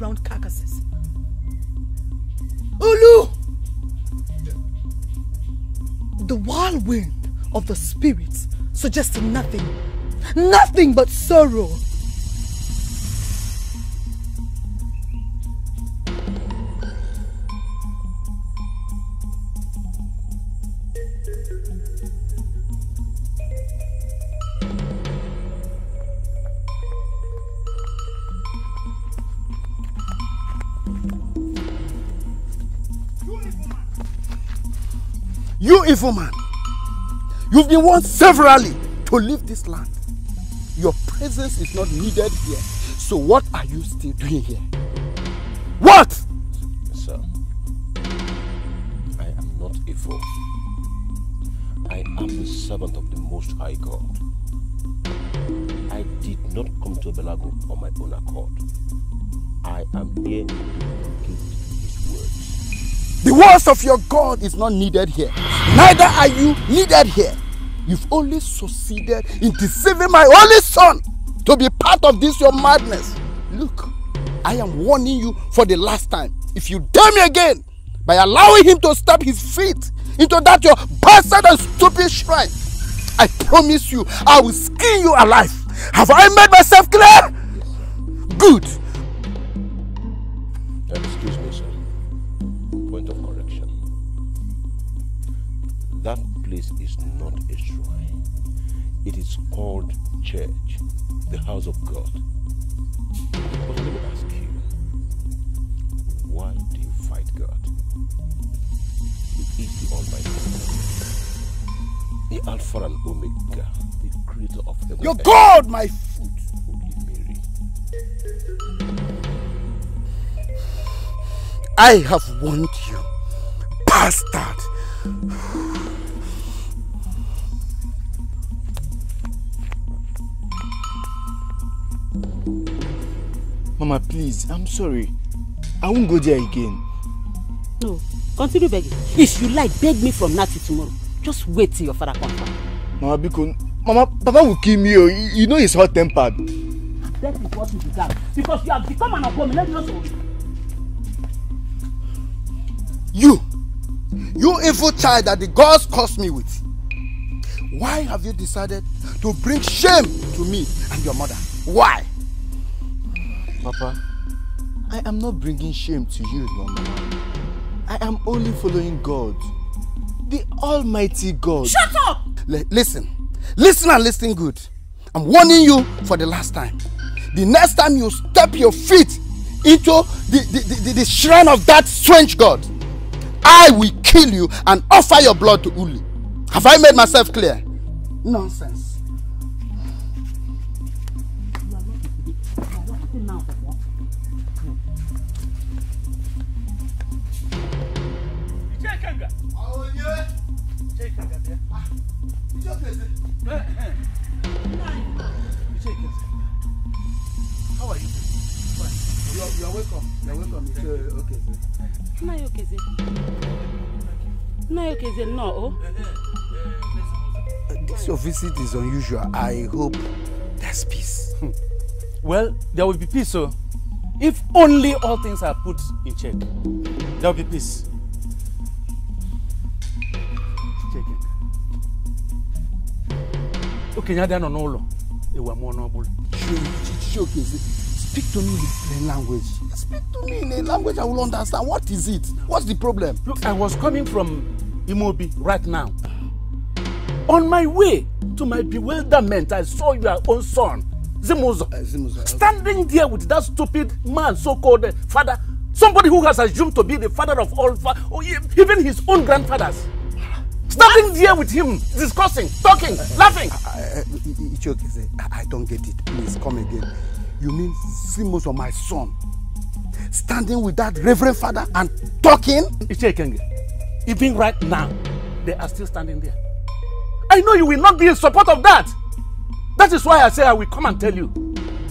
around carcasses. Ulu! The whirlwind of the spirits suggests nothing, nothing but sorrow. evil man. You've been warned severally to leave this land. Your presence is not needed here. So what are you still doing here? What? Sir, I am not evil. I am the servant of the Most High God. I did not come to Belago on my own accord. I am here words of your God is not needed here. Neither are you needed here. You've only succeeded in deceiving my only son to be part of this your madness. Look, I am warning you for the last time. If you dare me again by allowing him to stamp his feet into that your bastard and stupid shrine, I promise you I will skin you alive. Have I made myself clear? Good. place is not a shrine. It is called church, the house of God. But let me ask you, why do you fight God? He is the Almighty, the Alpha and Omega, the Creator of heaven. Your God, my foot, Holy Mary. I have warned you, bastard. Mama, please, I'm sorry. I won't go there again. No, continue begging. If you like, beg me from now till tomorrow. Just wait till your father comes back. Mama, Biko, Mama, Papa will kill me. Oh, You know he's hot tempered. That is what you deserve. Because you have become an abomination. You, you evil child that the gods cursed me with. Why have you decided to bring shame to me and your mother? Why? Papa, I am not bringing shame to you, Mama. I am only following God, the Almighty God. Shut up! L listen, listen and listen good. I'm warning you for the last time. The next time you step your feet into the, the, the, the shrine of that strange God, I will kill you and offer your blood to Uli. Have I made myself clear? Nonsense. How are you? You are, welcome. You are welcome. It's uh, okay. Na yo no. Oh. This your visit is unusual. I hope there's peace. Hmm. well, there will be peace, sir. if only all things are put in check, there will be peace. okenye abịa nọ n'ụlọ ewu amụọ n'ọbụla Speak to me in plain language. Speak to me in a language I will understand. What is it? What's the problem? Look, I was coming from Imobi right now. On my way to my bewilderment, I saw your own son, Zimuzo, uh, Zimuzo. standing there with that stupid man, so-called uh, father, somebody who has assumed to be the father of all, fa- oh, even his own grandfathers. Standing there with him, discussing, talking, laughing. Ichioke, I, I don't get it. Please come again. You mean Simos or my son? Standing with that reverend father and talking? Ichioke, even right now, they are still standing there. I know you will not be in support of that. That is why I say I will come and tell you.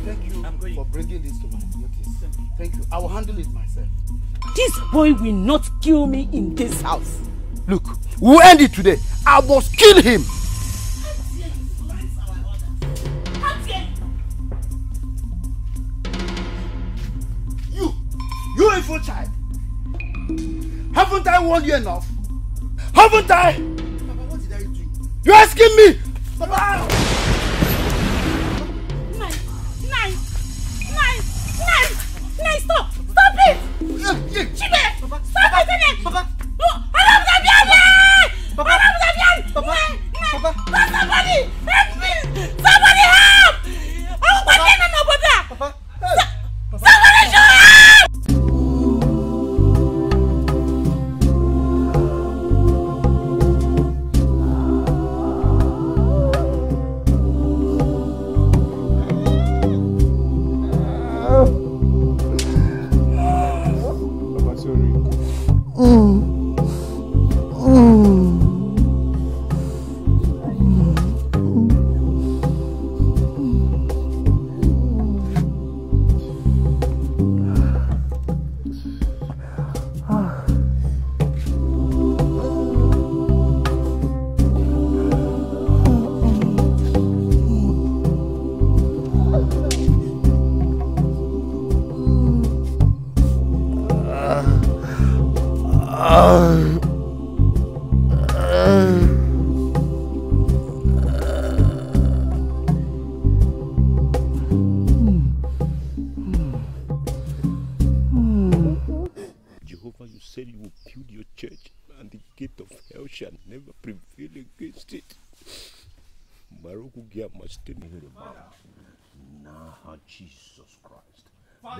Thank you I'm going. for bringing this to my notice. Thank you. I will handle it myself. This boy will not kill me in this house. Look, We'll end it today. I must kill him. You, you evil child. Haven't I warned you enough? Haven't I? You what asking me? Papa! Nice, nice, nice, nice, nice, stop! Stop it! Uh, yeah. Chibe! Stop it, Papa! ba?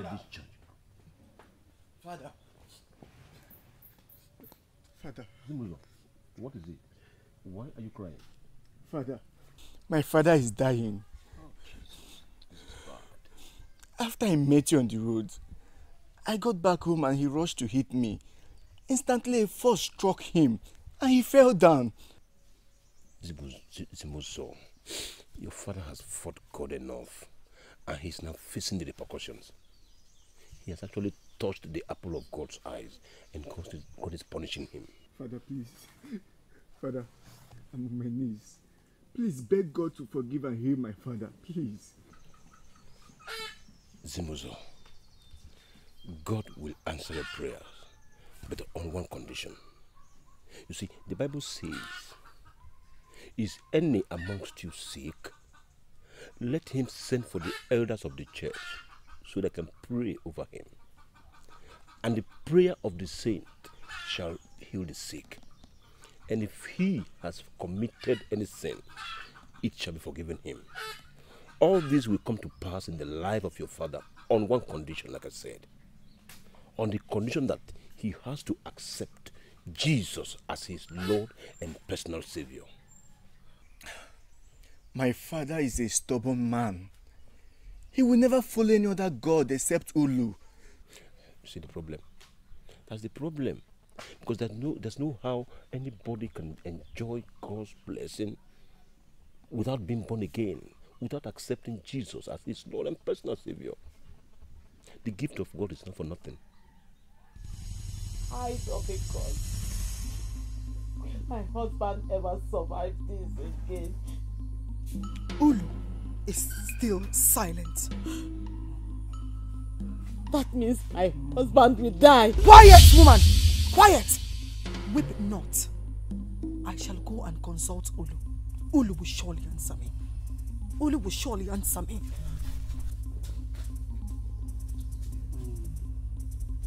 Father. Father. Father. Zimulo, what is it? Why are you crying? Father, my father is dying. After I met you on the road, I got back home and he rushed to hit me. Instantly, a force struck him and he fell down. Zimuzo, your father has fought God enough and he's now facing the repercussions. He has actually touched the apple of God's eyes and God is, God is punishing him. Father, please. Father, I'm on my knees. Please beg God to forgive and heal my father, please. Zimuzo, God will answer your prayers, but on one condition. You see, the Bible says, Is any amongst you sick? Let him send for the elders of the church so that I can pray over him. And the prayer of the saint shall heal the sick. And if he has committed any sin, it shall be forgiven him. All this will come to pass in the life of your father on one condition, like I said. On the condition that he has to accept Jesus as his Lord and personal Savior. My father is a stubborn man. He will never follow any other god except Ulu. See the problem? That's the problem. Because there's no, there's no how anybody can enjoy God's blessing without being born again, without accepting Jesus as his Lord and personal Savior. The gift of God is not for nothing. Eyes of a God. My husband ever survived this again. Ulu is still silent. That means my husband will die. Quiet, woman! Quiet! Weep not. I shall go and consult Ulu. Ulu will surely answer me. Ulu will surely answer me.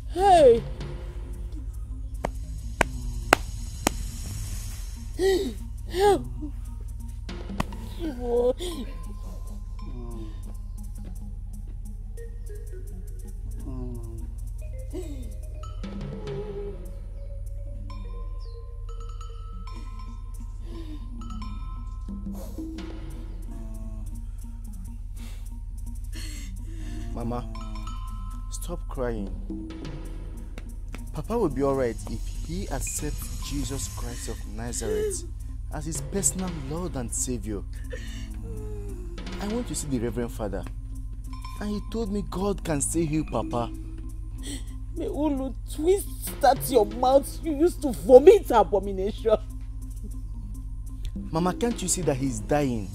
Hey! Help! Mama, stop crying. Papa will be alright if he accepts Jesus Christ of Nazareth as his personal Lord and Savior. I want to see the Reverend Father. And he told me God can still heal Papa. May Ulu twist that your mouth you used to vomit abomination. Mama, can't you see that he's dying?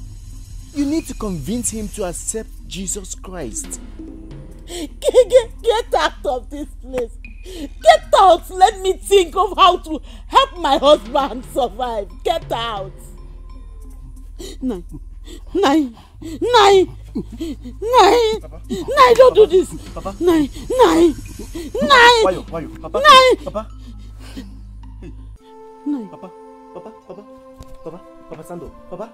You need to convince him to accept Jesus Christ. Get, get, get out of this place. Get out. Let me think of how to help my husband survive. Get out. Nine. Nine. Nine. Nai! Nai, don't do this! Papa? Nai! Nai! Nai! Wayo, wayo, Papa! Nai! Papa! Hey. Nai! Papa! Papa! Papa! Papa! Papa Sando! Papa!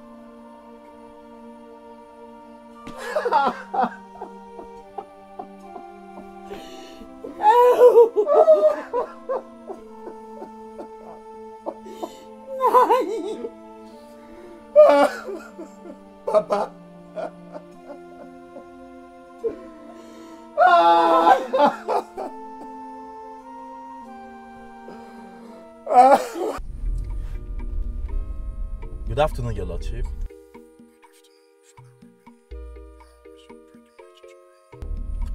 YouTube.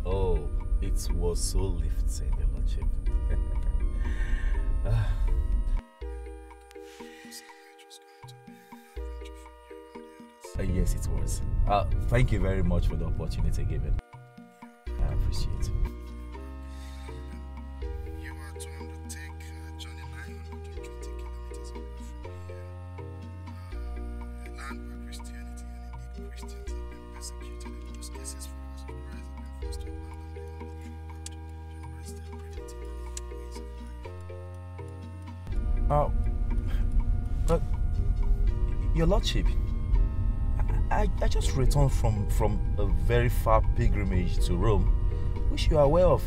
Oh, it was so lifting, Your Lordship. Uh, yes, it was. Uh, thank you very much for the opportunity given. return from, from a very far pilgrimage to Rome, which you are aware of.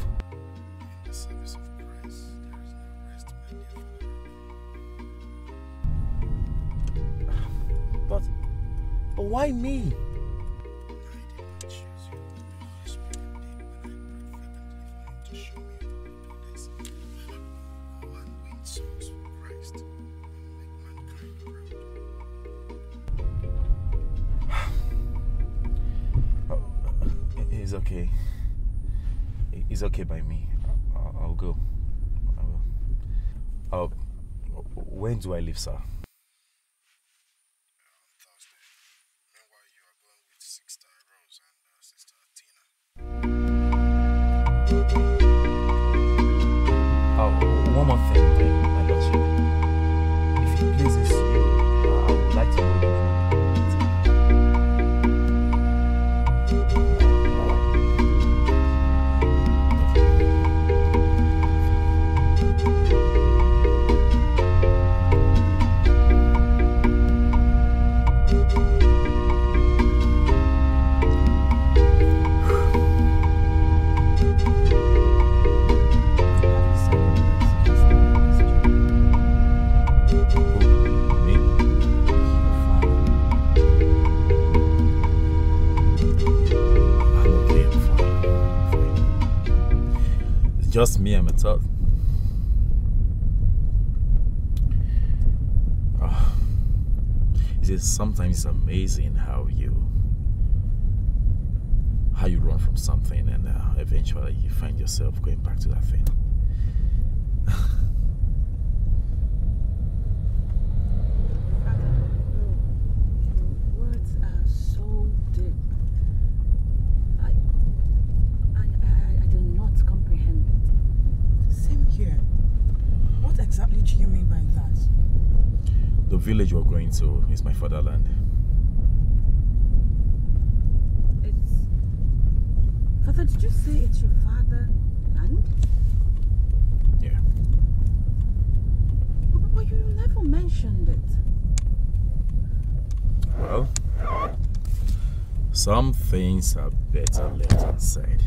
it is sometimes amazing how you how you run from something and uh, eventually you find yourself going back to that thing is my fatherland. It's father. Did you say it's your fatherland? Yeah. But, but you never mentioned it. Well, some things are better left unsaid.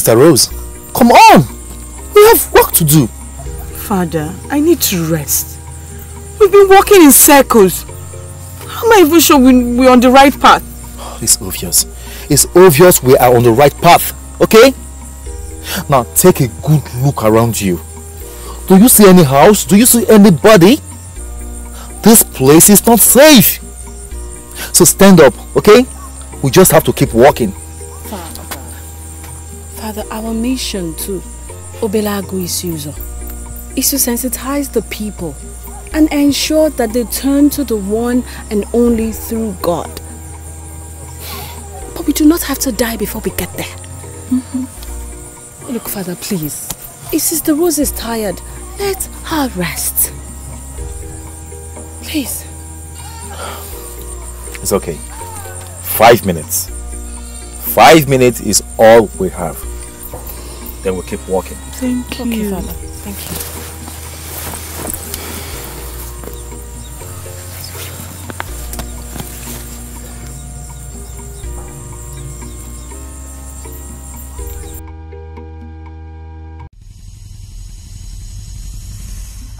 Sister Rose. Come on! We have work to do. Father, I need to rest. We've been walking in circles. How am I even sure we, we're on the right path? It's obvious. It's obvious we are on the right path, okay? Now take a good look around you. Do you see any house? Do you see anybody? This place is not safe. So stand up, okay? We just have to keep walking our mission to Obelagu Isuzo is to sensitize the people and ensure that they turn to the one and only through God. But we do not have to die before we get there. Mm -hmm. Look, Father, please. If Sister Rose is tired, let her rest. Please. It's okay. Five minutes. Five minutes is all we have. Then we'll keep walking. Thank okay, you. Father. Thank you.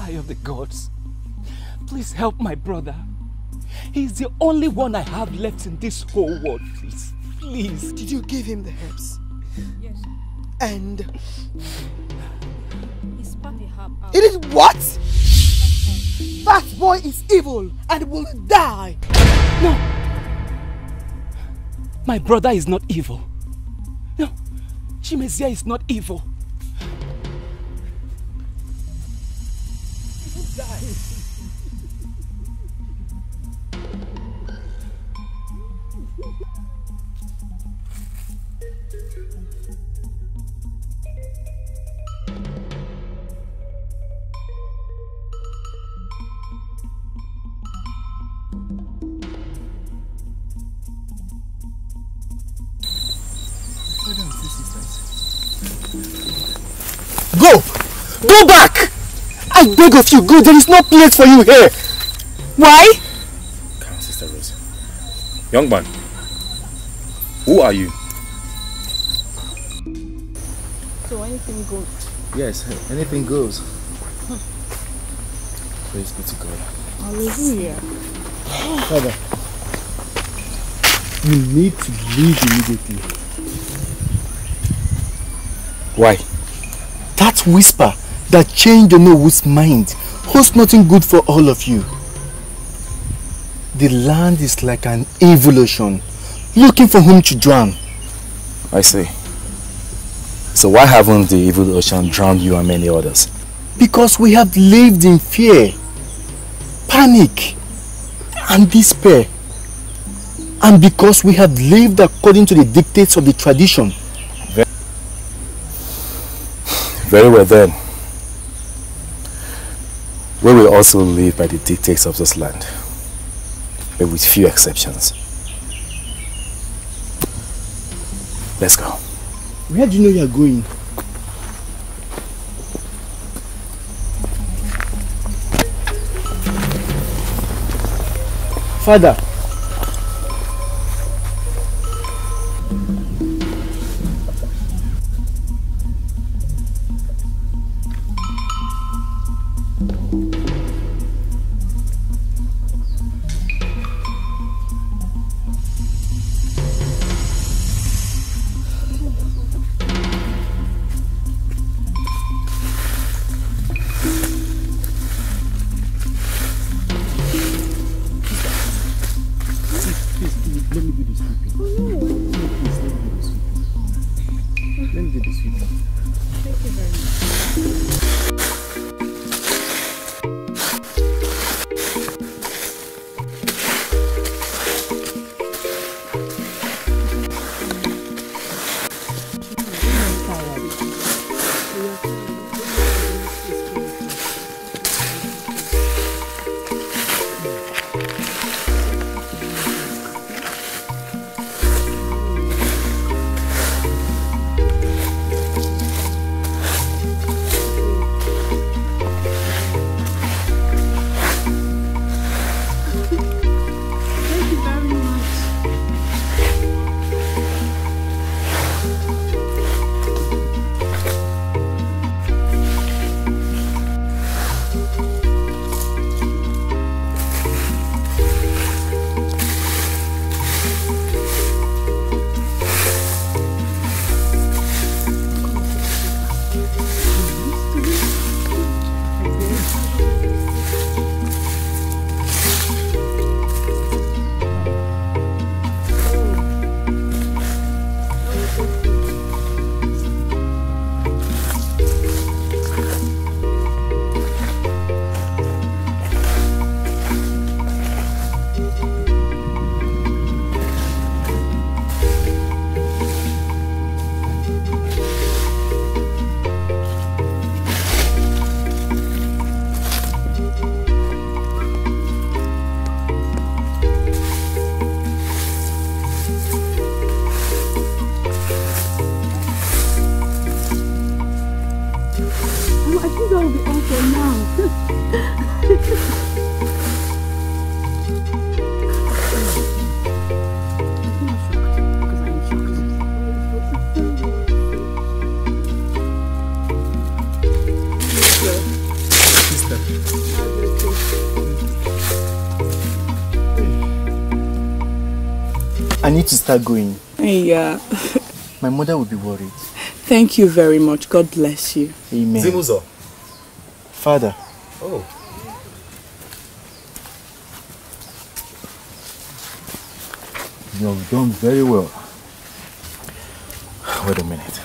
Eye of the gods, please help my brother. He's the only one I have left in this whole world, please. Please. Did you give him the herbs? Yes end. It is what? That boy is evil and will die. No. My brother is not evil. No. Chimezia is not evil. Go back! I beg of you, go. There is no place for you here. Why? Come Sister Rose. Young man, who are you? So anything goes? Yes, anything goes. Huh. Hmm. Praise be to God. Hallelujah. Father, you need to leave immediately. Why? That whisper that changed Onowu's mind holds nothing good for all of you. The land is like an evil ocean, looking for whom to drown. I see. So why haven't the evil ocean drowned you and many others? Because we have lived in fear, panic, and despair. And because we have lived according to the dictates of the tradition. Very well then. We will also live by the dictates of this land, but with few exceptions. Let's go. Where do you know you are going? Father, need to start going. Yeah. My mother will be worried. Thank you very much. God bless you. Amen. Zimuzo. Father. Oh. You have done very well. Wait a minute.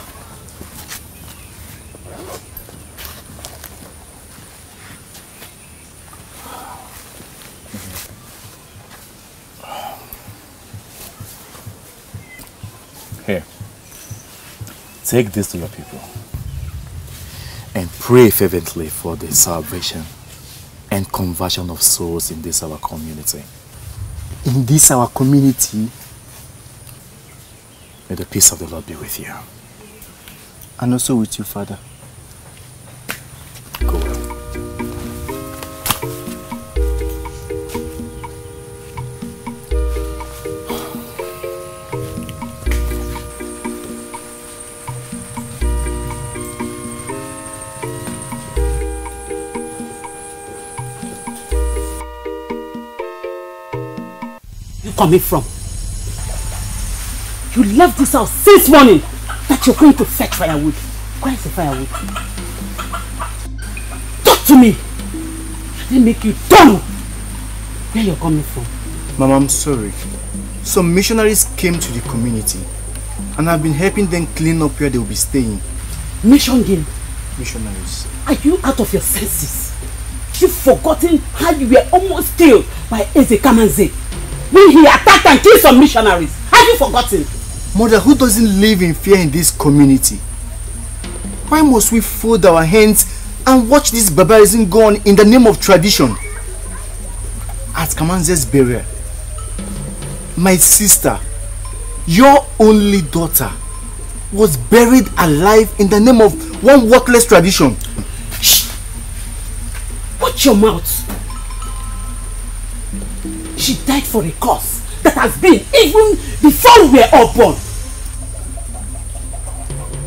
Take this to your people and pray fervently for the salvation and conversion of souls in this our community. In this our community, may the peace of the Lord be with you. And also with you, Father. coming from? You left this house since morning that you're going to fetch firewood. Where is the firewood? Talk to me! They make you dumb! Where you're coming from? Mama, I'm sorry. Some missionaries came to the community and I've been helping them clean up where they'll be staying. Mission game? Missionaries. Are you out of your senses? You've forgotten how you were almost killed by Ezekamanze when he attacked and killed some missionaries. Have you forgotten? Mother, who doesn't live in fear in this community? Why must we fold our hands and watch this barbarism go on in the name of tradition? At Kamanze's burial, my sister, your only daughter, was buried alive in the name of one worthless tradition. Shh! Watch your mouth! She died for a cause that has been even before we were all born.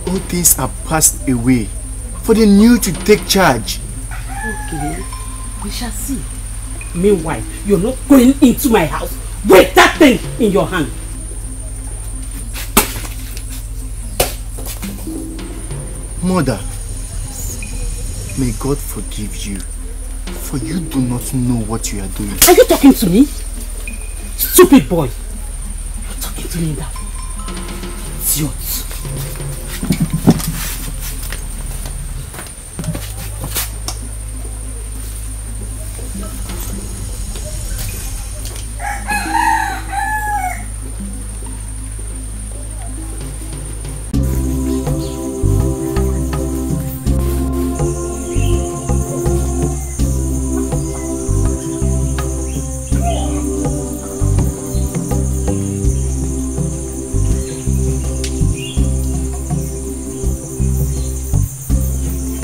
All things are passed away for the new to take charge. Okay, we shall see. Meanwhile, you're not going into my house with that thing in your hand. Mother, may God forgive you, for you do not know what you are doing. Are you talking to me? Stupid boy! You're talking to me now. Idiot.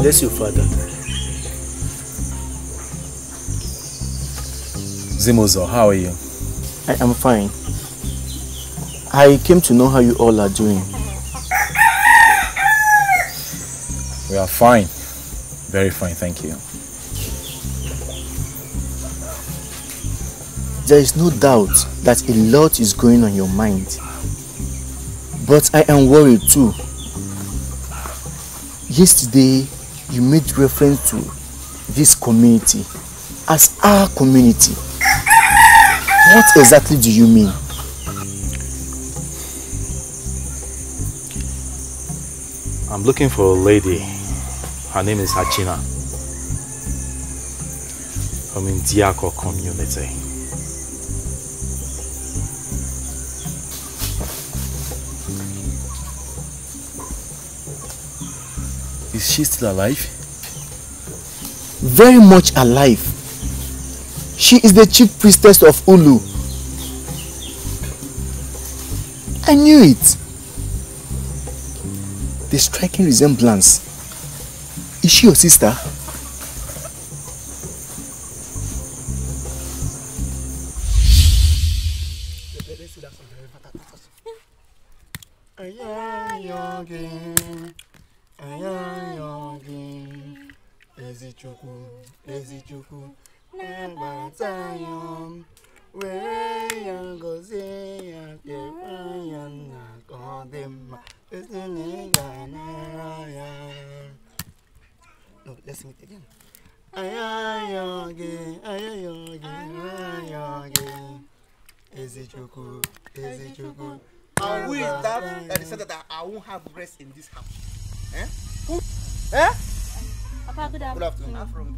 Bless you, Father. Zimuzo, how are you? I am fine. I came to know how you all are doing. We are fine. Very fine, thank you. There is no doubt that a lot is going on your mind. But I am worried too. Yesterday, you made reference to this community as our community. What exactly do you mean? I'm looking for a lady. Her name is Hachina. From Indiako community. She's still alive? Very much alive. She is the chief priestess of Ulu. I knew it. The striking resemblance. Is she your sister?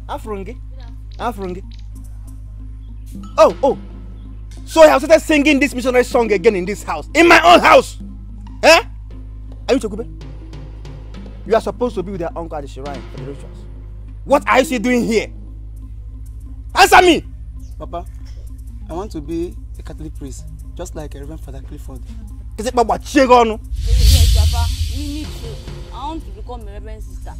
Afrungi. Afrungi. Oh, oh. So I have started singing this missionary song again in this house. In my own house. Eh? Are you Chokube? You are supposed to be with your uncle at the shrine for the rituals. What are you still doing here? Answer me! Papa, I want to be a Catholic priest, just like a Reverend Father Clifford. Is it Papa Chegonu? Yes, Papa. Me, me too. I want to become a Reverend Sister.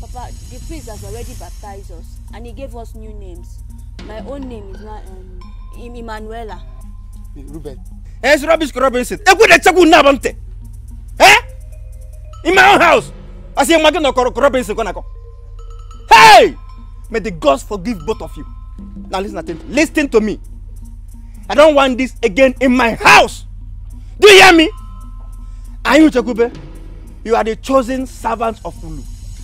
Papa, the priest has already baptized us and he gave us new names. My own name is now um, Emmanuela. Ruben. Hey, it's rubbish, Robinson. Hey, what the check will now want Eh? In my own house. I say, imagine no Robinson gonna go. Hey! May the gods forgive both of you. Now listen attention. Listen to me. I don't want this again in my house. Do you hear me? Are you Chakube? You are the chosen servant of Ulu.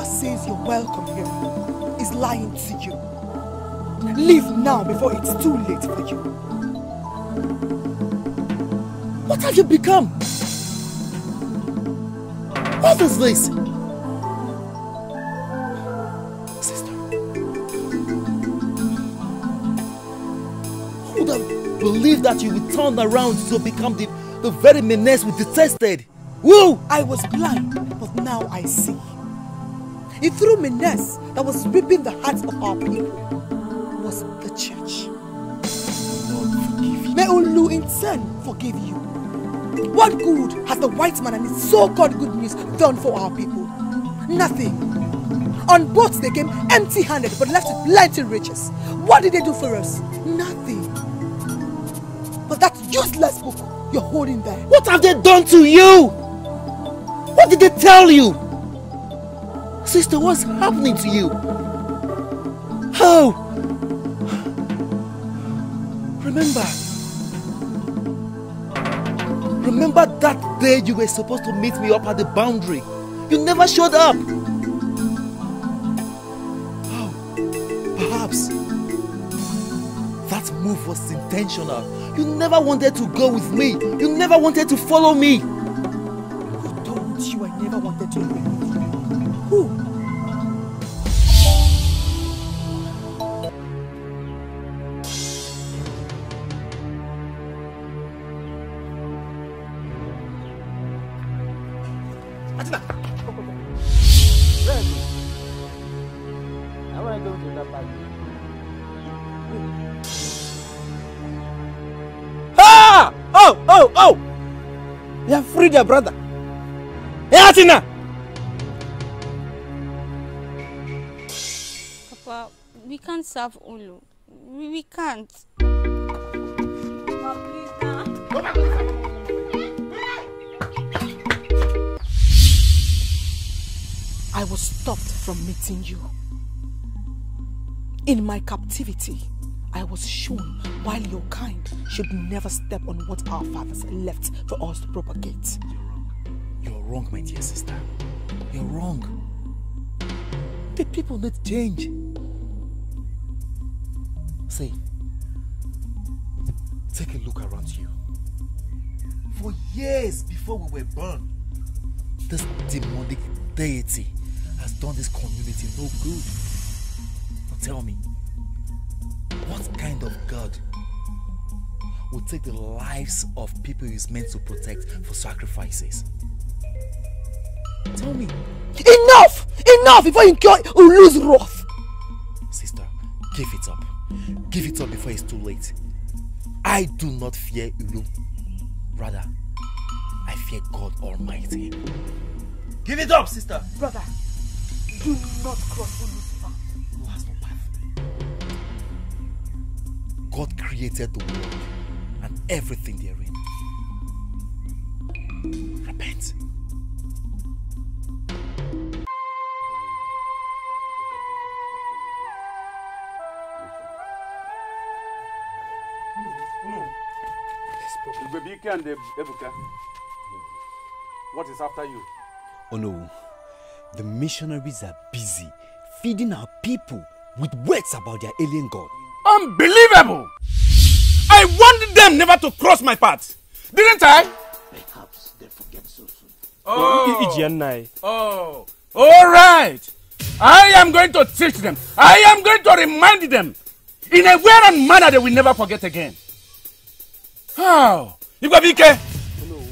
whoever says you're welcome here is lying to you. Leave now before it's too late for you. What have you become? What is this? Sister. Who would have believed that you would turn around to become the, the very menace we detested? Woo! I was blind, but now I see. Ithruminess that was ripping the hearts of our people was the church. Lord, forgive May Olu in turn forgive you. What good has the white man and his so-called good news done for our people? Nothing. On boats they came empty-handed but left with plenty riches. What did they do for us? Nothing. But that useless book you're holding there. What have they done to you? What did they tell you? Sister, what's happening to you? How? Oh. Remember. Remember that day you were supposed to meet me up at the boundary. You never showed up. How? Oh, perhaps that move was intentional. You never wanted to go with me. You never wanted to follow me. married your brother. Hey, Atina! Papa, we can't serve Olu. We, we can't. I was stopped from meeting you. In my captivity. I was shown while your kind should never step on what our fathers left for us to propagate. You're wrong, You're wrong my dear sister. You're wrong. The people need change. See, take a look around you. For years before we were born, this demonic deity has done this community no good. Now tell me, what kind of God will take the lives of people he's meant to protect for sacrifices? Tell me. Enough! Enough before you kill or lose wrath. Sister, give it up. Give it up before it's too late. I do not fear Ulu. Rather, I fear God Almighty. Give it up, sister. Brother, do not cross Ulu. God created the world and everything therein. Repent. Ebuka, what is after you? Oh no, the missionaries are busy feeding our people with words about their alien god. Unbelievable! I warned them never to cross my path, didn't I? Perhaps they forget so soon. Oh. Oh. All right. I am going to teach them. I am going to remind them in a way and manner they will never forget again. How? You got VK? Hello.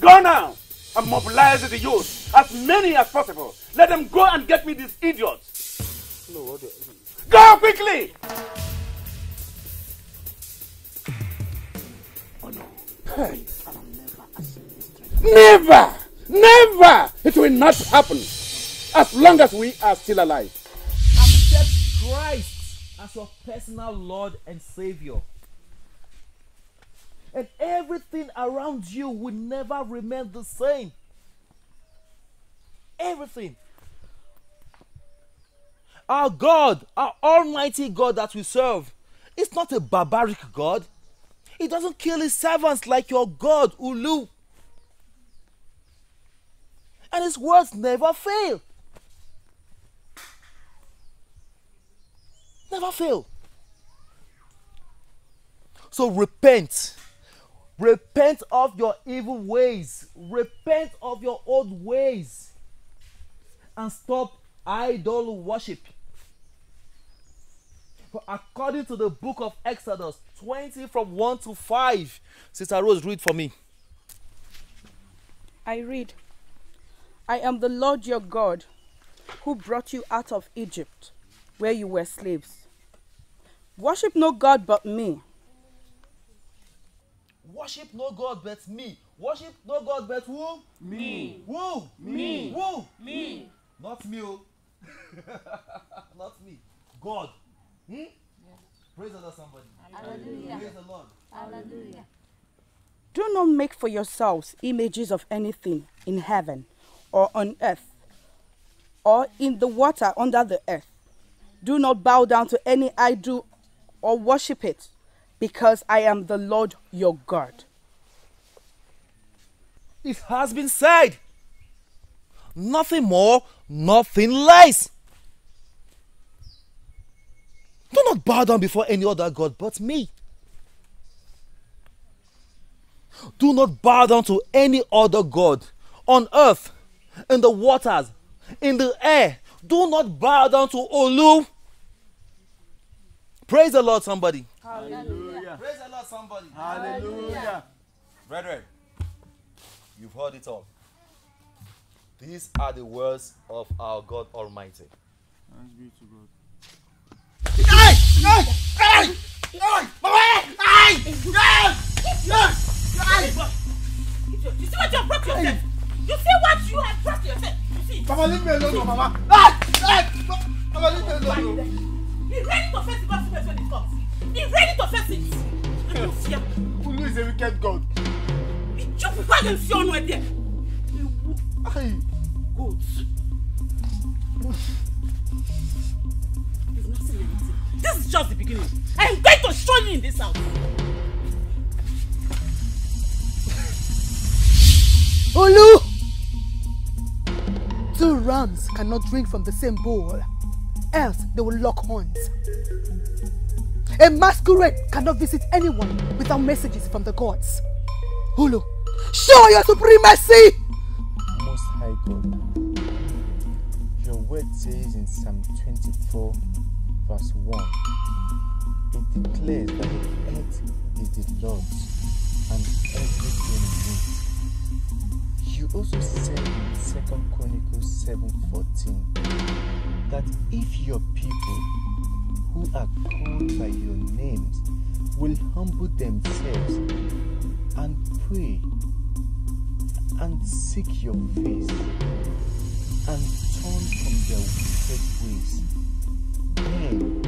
Go now and mobilize the youth, as many as possible. Let them go and get me these idiots. No, Go quickly! Oh no. Never! Never! It will not happen as long as we are still alive. Accept Christ as your personal Lord and Savior. And everything around you will never remain the same. Everything. Our God, our Almighty God that we serve, is not a barbaric God. He doesn't kill his servants like your God, Ulu. And his words never fail. Never fail. So repent. Repent of your evil ways. Repent of your old ways. And stop idol worship. For according to the book of Exodus 20 from 1 to 5, Sister Rose, read for me. I read, I am the Lord your God who brought you out of Egypt where you were slaves. Worship no God but me. Worship no God but me. Worship no God but who? Me. Who? Me. Who? Me. Not me. Oh. Not me. God. Hmm? Yes. Praise the Lord, somebody. Hallelujah. Praise the Lord. Hallelujah. Do not make for yourselves images of anything in heaven or on earth or in the water under the earth. Do not bow down to any idol or worship it, because I am the Lord your God. It has been said, Nothing more, nothing less. Do not bow down before any other God but me. Do not bow down to any other God on earth, in the waters, in the air. Do not bow down to Olu. Praise the Lord, somebody. Hallelujah. Praise the Lord, somebody. Hallelujah. Hallelujah. Brethren, you've heard it all. These are the words of our God Almighty. Thanks be to God. Hey! Hey! Hey! Hey! Hey! Hey! Yes! Yes! You see what you have brought yourself? You see what you have brought yourself? You see? Mama, leave me alone, Mama. Hey! Hey! Mama, leave me alone. Be oh. ready to face God's situation in court. Be ready to face it. Who is a wicked God? Ìjọba yóò fi ọ̀nà ẹ̀ díẹ̀. Hey! goats. You've not seen anything. This is just the beginning. I am going to show you in this house. Olu! Two rams cannot drink from the same bowl, else they will lock horns. A masquerade cannot visit anyone without messages from the gods. Ulu, show your supremacy! God. Your word says in Psalm 24, verse 1, it declares that the earth is the Lord's and everything in it. You also said in Second Chronicles 7:14 that if your people who are called by your names will humble themselves and pray and seek your face and turn from their wicked ways.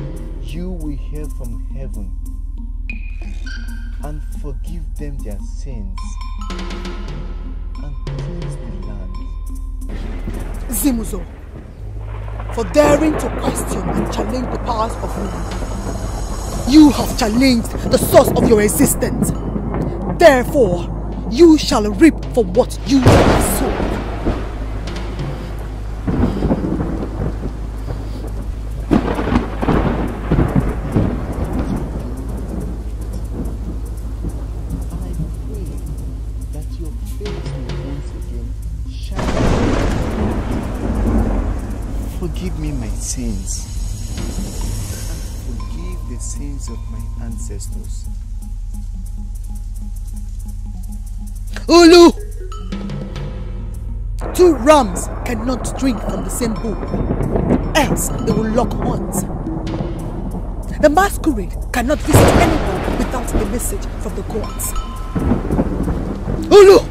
Then you will hear from heaven and forgive them their sins and cleanse the land. Zimuzo, for daring to question and challenge the powers of men. You have challenged the source of your existence. Therefore, you shall reap for what you Rams cannot drink from the same bowl, else they will lock horns. The masquerade cannot visit anyone without a message from the gods. Ulu!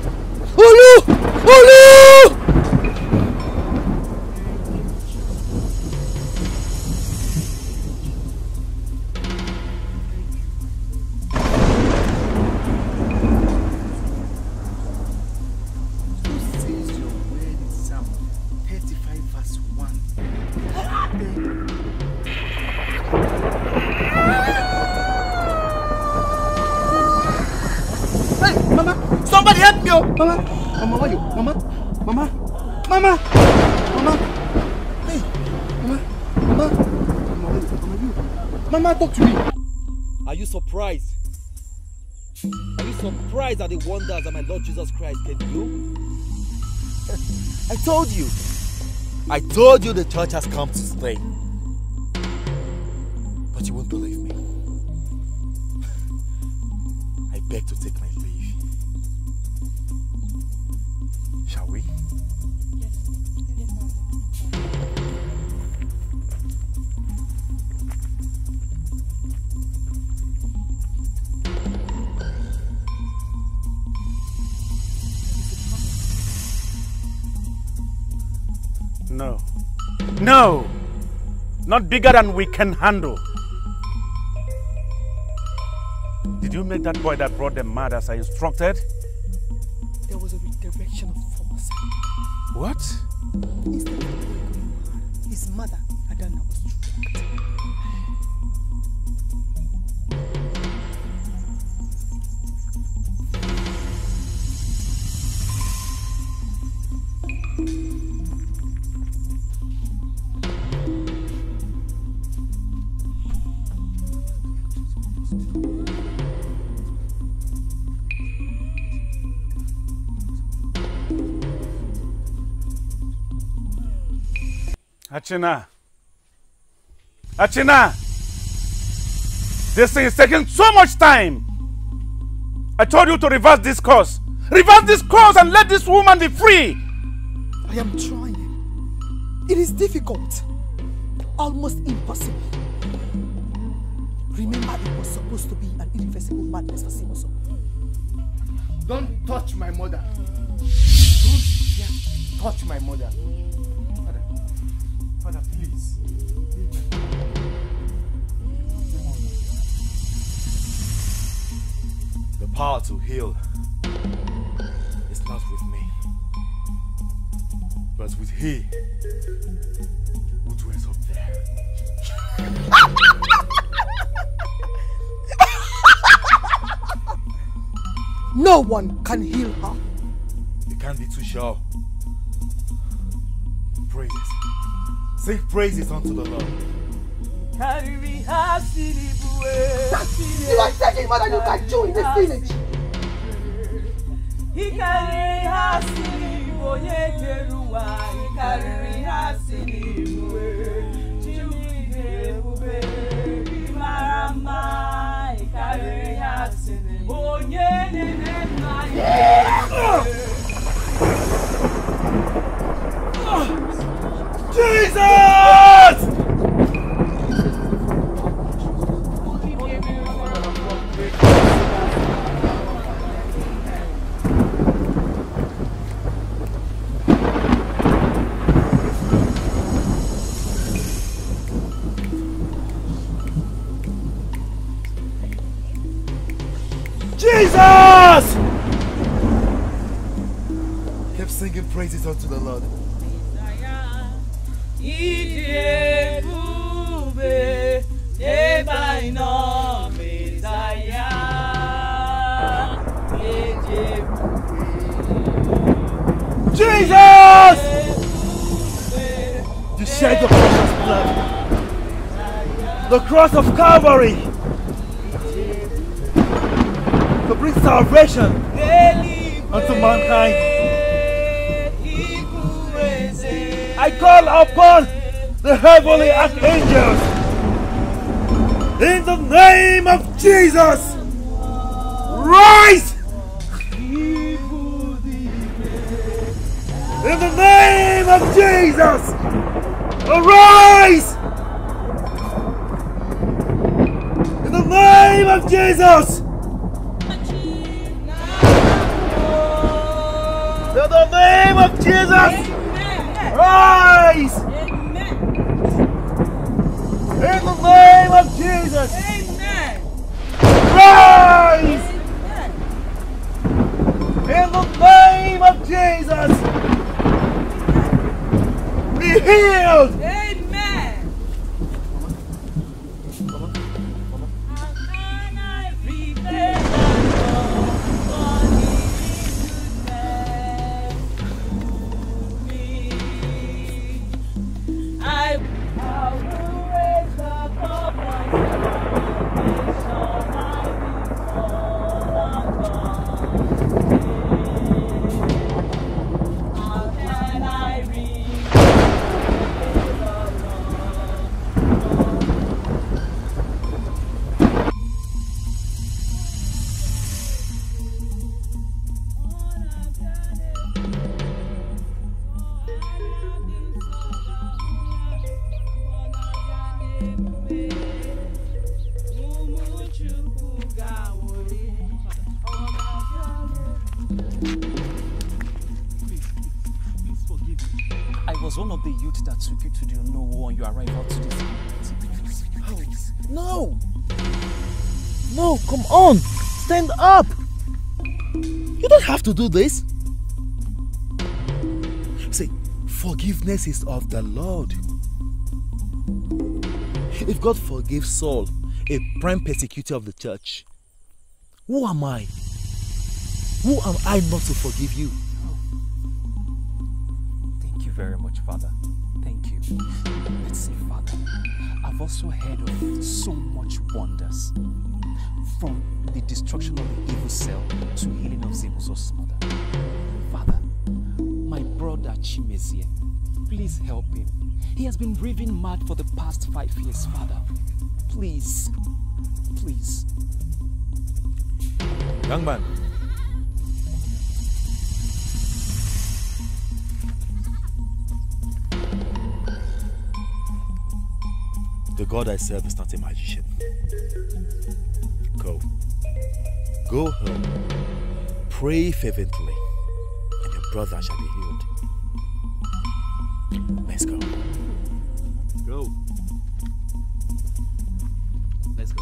man, talk to me. Are you surprised? Are you surprised at the wonders that my Lord Jesus Christ can do? I told you. I told you the church has come to stay. No. No! Not bigger than we can handle. Did you make that boy that brought them mad as I instructed? There was a redirection of force. What? Achina. Achina. This thing is taking so much time. I told you to reverse this course. Reverse this course and let this woman be free. I am trying. It is difficult. Almost impossible. Remember, it was supposed to be an irreversible madness for Simoso. Don't touch my mother. Don't touch my mother. Father, please. The power to heal is not with me, but with He who dwells up there. No one can heal her. You can't be too sure. Praise. Sing praises unto the Lord. You are taking more than you can do in this village. Ikari ha siri onye Jesus! Jesus! Keep singing praises unto the Lord. shed the precious blood. The cross of Calvary to bring salvation unto mankind. I call upon the heavenly archangels in the name of Jesus. Rise! In the name of Jesus! Arise! In the name of Jesus! In the name of Jesus! Rise! In the name of Jesus! Rise! In the name of Jesus! Be healed! to do this? See, forgiveness is of the Lord. If God forgives Saul, a prime persecutor of the church, who am I? Who am I not to forgive you? Thank you very much, Father. Thank you. Let's see, Father. I've also heard of so much wonders from the destruction of the evil cell to healing of Zebuzo's mother. Father, my brother Chimezie, please help him. He has been raving mad for the past five years, Father. Please, please. Young man. The God I serve is not a magician. Go. Go home, pray fervently, and your brother shall be healed. Let's go. Go. Let's go.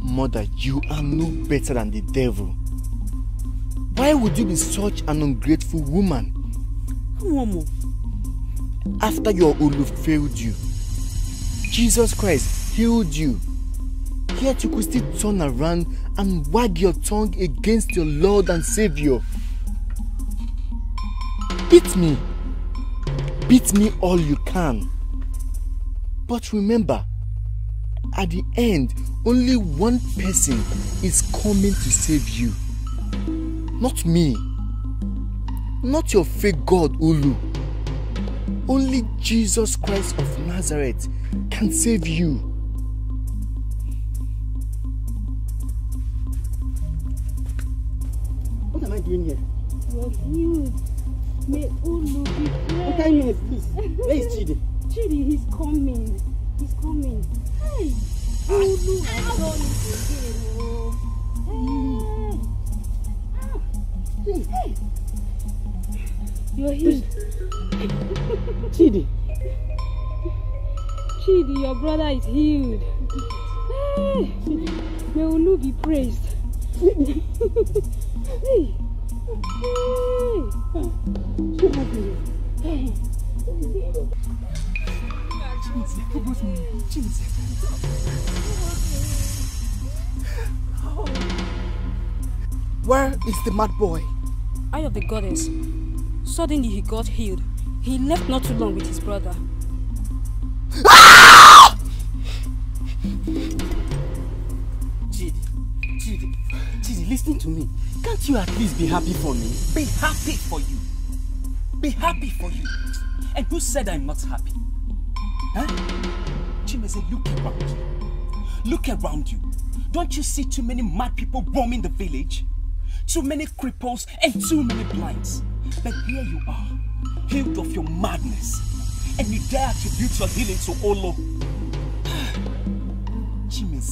Mother, you are no better than the devil. Why would you be such an ungrateful woman? Woman. After your Oluf failed you, Jesus Christ healed you, yet you could still turn around and wag your tongue against your Lord and Savior. Beat me. Beat me all you can. But remember, at the end, only one person is coming to save you. Not me. Not your fake God, Ulu. Only Jesus Christ of Nazareth can save you. What am I doing here? Well, you. May Ulu be praised. What time is please? Where is Chidi? Chidi, he's coming. He's coming. Hey, Ulu has done it again. Your head. Chidi. Chidi, your brother is healed. may Ulu be praised. hey. Hey. Where is the mad boy? Eye of the goddess. Suddenly he got healed. He left not too long with his brother. Ah! Chidi, Chidi, listen to me. Can't you at least be happy for me? Be happy for you. Be happy for you. And who said I'm not happy? Huh? Chimese, look around you. Look around you. Don't you see too many mad people roaming the village? Too many cripples and too many blinds. But here you are, healed of your madness, and you dare attribute your healing to Olo.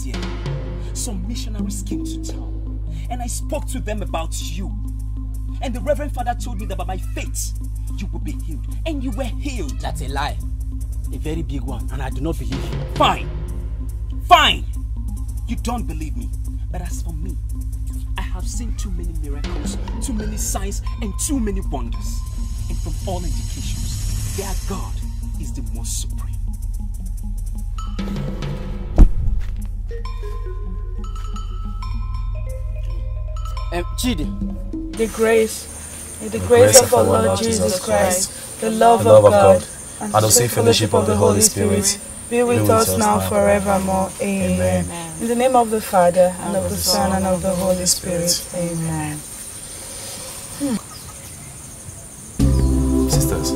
here. some missionaries came to town, and I spoke to them about you. And the Reverend Father told me that by my faith, you will be healed. And you were healed. That's a lie. A very big one, and I do not believe you. Fine. Fine. You don't believe me. But as for me, have seen too many miracles, too many signs, and too many wonders. And from all indications, their God is the most supreme. Um, Chidi. The grace, the, the grace, grace of our Lord, Lord Jesus Christ, Christ the, love the love of God, God and the fellowship of the Holy Spirit, Spirit be with, with us, us now forevermore. Amen. Amen. In the name of the Father, and, and of the Son, and of the Holy Spirit. Spirit. Amen. Sisters,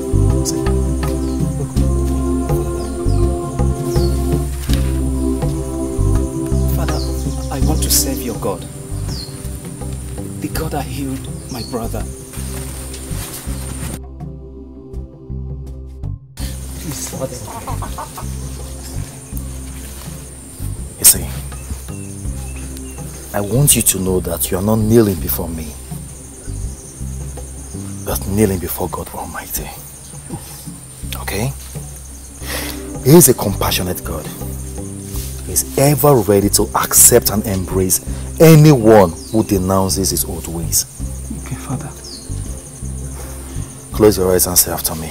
Father, I want to serve your God. The God that healed my brother. Please, Father. You see, I want you to know that you are not kneeling before me, but kneeling before God Almighty. Okay? He is a compassionate God. He is ever ready to accept and embrace anyone who denounces his old ways. Okay, Father. Close your eyes and say after me.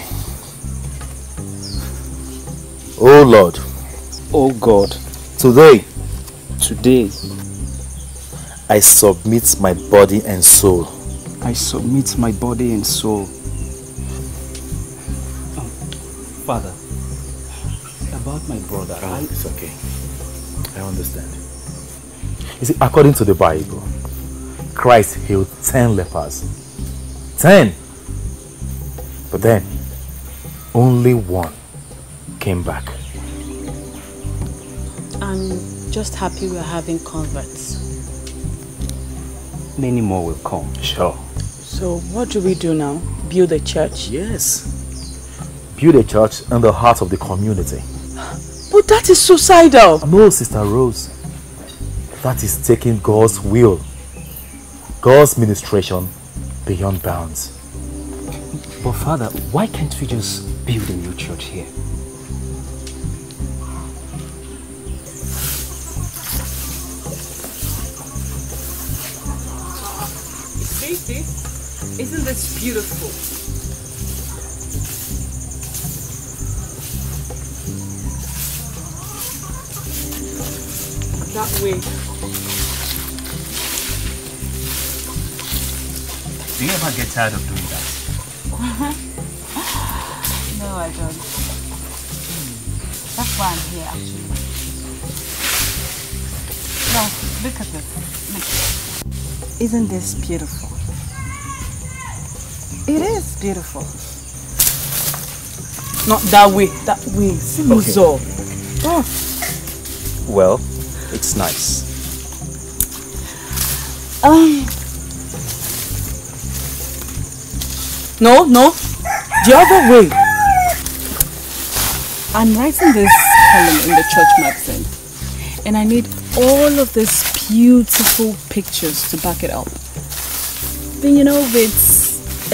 Oh Lord. Oh God. Today. Today. I submit my body and soul. I submit my body and soul. Um, Father, about my brother, oh, ah, I... It's okay. I understand. You see, according to the Bible, Christ healed 10 lepers. 10! But then, only one came back. I'm just happy we're having converts many more will come. Sure. So what do we do now? Build a church? Yes. Build a church in the heart of the community. But that is suicidal. No, Sister Rose. That is taking God's will, God's ministration beyond bounds. But Father, why can't we just build a new church here? See? Isn't this beautiful? That way. Do you ever get tired of doing that? no, I don't. Mm. That's why I'm here, actually. No, look at this. Look. Isn't this beautiful? It is beautiful. Not that way, that way. Simuzo. Okay. Oh. Well, it's nice. Um. No, no. The other way. I'm writing this column in the church magazine. And I need all of these beautiful pictures to back it up. Then you know, it's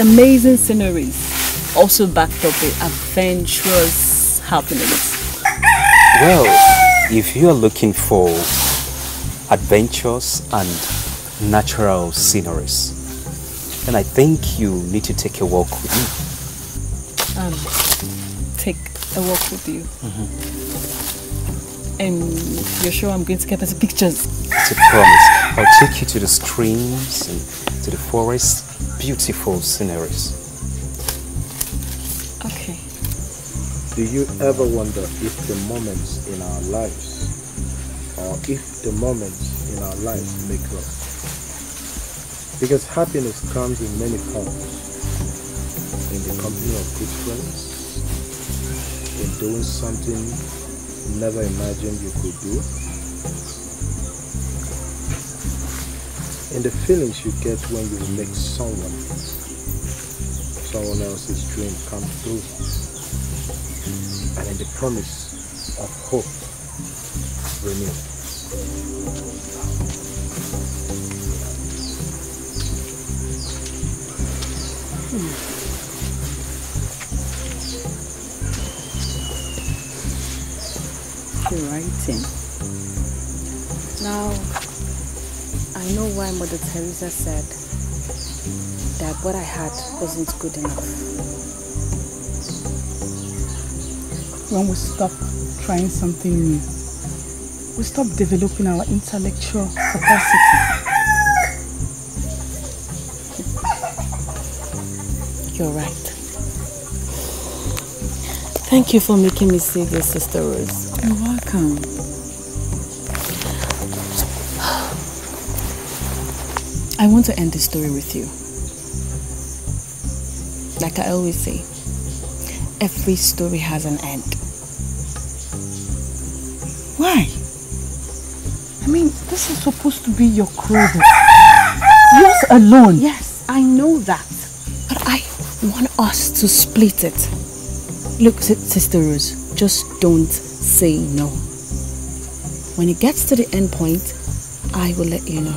amazing sceneries, also backed up with adventurous happenings. Well, if you are looking for adventures and natural sceneries, then I think you need to take a walk with me. Um, take a walk with you. Mm -hmm. And you're sure I'm going to get the pictures? It's a promise. I'll take you to the streams and to the forest beautiful sceneries. Okay. Do you ever wonder if the moments in our lives or if the moments in our lives make us? Because happiness comes in many forms. In the company of good friends, in doing something you never imagined you could do, and the feelings you get when you make someone someone else's dream come true and in the promise of hope renewed hmm. Writing now know why Mother Teresa said that what I had wasn't good enough. When we stop trying something new, we stop developing our intellectual capacity. You're right. Thank you for making me see your sister Rose. You're welcome. I want to end this story with you. Like I always say, every story has an end. Why? I mean, this is supposed to be your clothing. Yours alone. Yes, I know that. But I want us to split it. Look, Sister Rose, just don't say no. When it gets to the end point, I will let you know.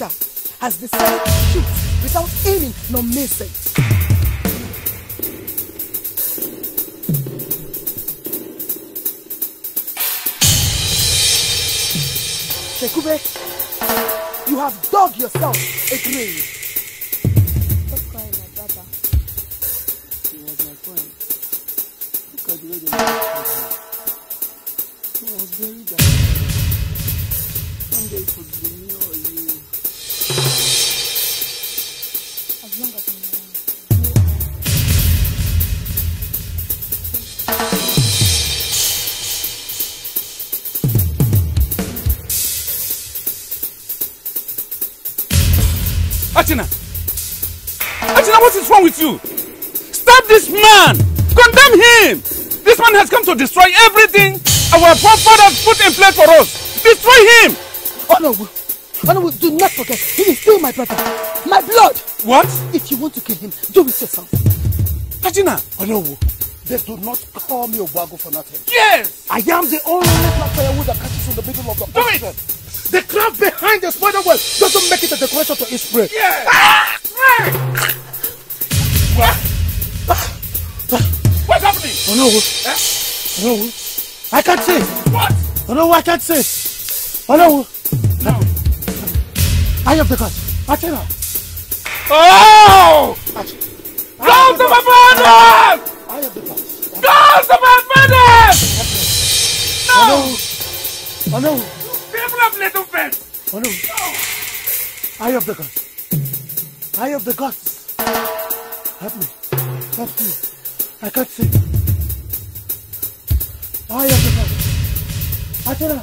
shooter has decided to shoot without aiming nor missing. Shekube, you have dug yourself a grave. you. Stop this man. Condemn him. This man has come to destroy everything our forefathers put in place for us. Destroy him. Oh no. Oh no, do not forget. He is still my brother. My blood. What? If you want to kill him, do it yourself. Tajina. Oh no. They do not call me Obago for nothing. Yes! I am the only black firewood that catches in the middle of the Do ocean. The craft behind the spider web doesn't make it a decoration to his prey. Yes! Ah! Ah! see. Olówó. Eh? Olówó. I can't see. What? Olówó, I can't see. Olówó. No. Eye of the God. Atena. Oh! Go to my father! Eye of the God. Go to my father! No! Olówó. Olówó. People have little faith. Olówó. No. Eye of the God. Eye of the God. Help me. Help me. I can't see. Hayır. Aç onu.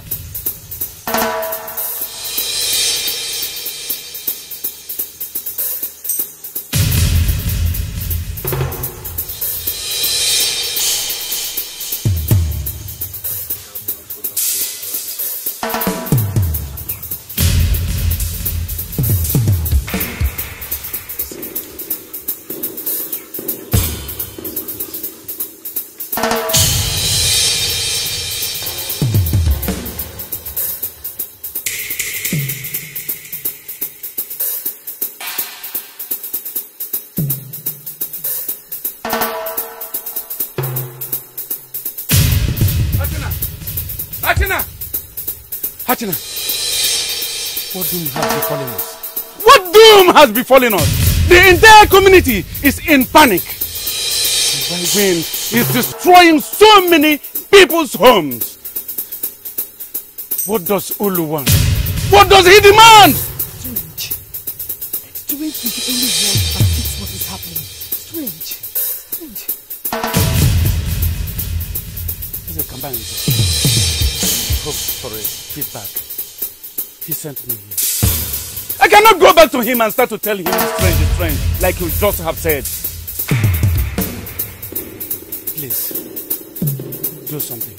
doom has befallen us? What doom has befallen us? The entire community is in panic. The wind is destroying so many people's homes. What does Ulu want? What does he demand? Strange. Strange is the only word that fits what is happening. Strange. Strange. This is a campaign. Hope for a feedback he sent me here. I cannot go back to him and start to tell him his friend like you just have said. Please, do something.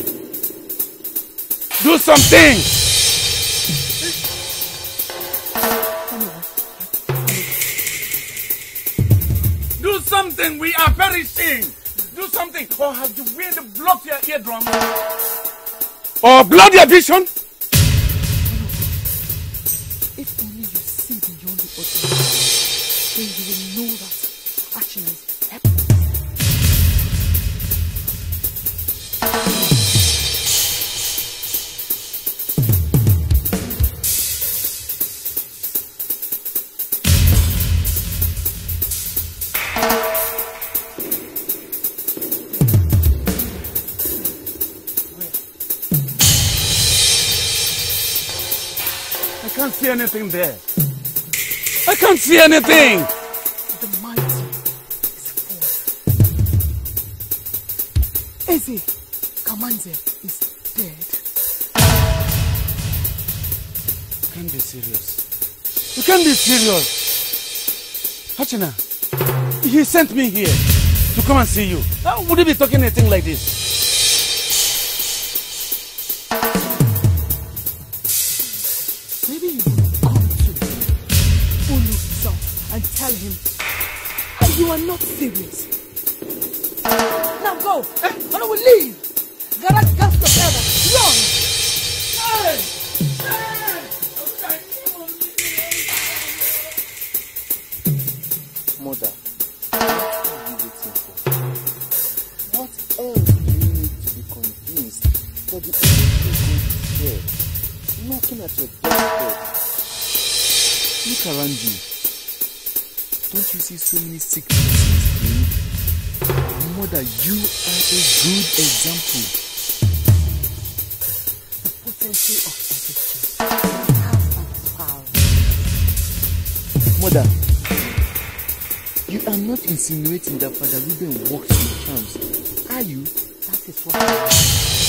Do something! Do something. We are perishing. Do something. Or have you really blocked your eardrum? Or blood your vision? I can't see anything there. I can't see anything! Eze, Kamanze is dead. You can't be serious. You can't be serious. Hachina, he sent me here to come and see you. How would he be talking anything like this? And I will leave. Run. Hey. Mother, what else do you need to be convinced that the only people knocking at your doorstep? Look around you. Don't you see so many sick people? that you are a good example. The potency of addiction has and power. Mother, you are not insinuating that Father Ruben walked in charms, are you? That is what.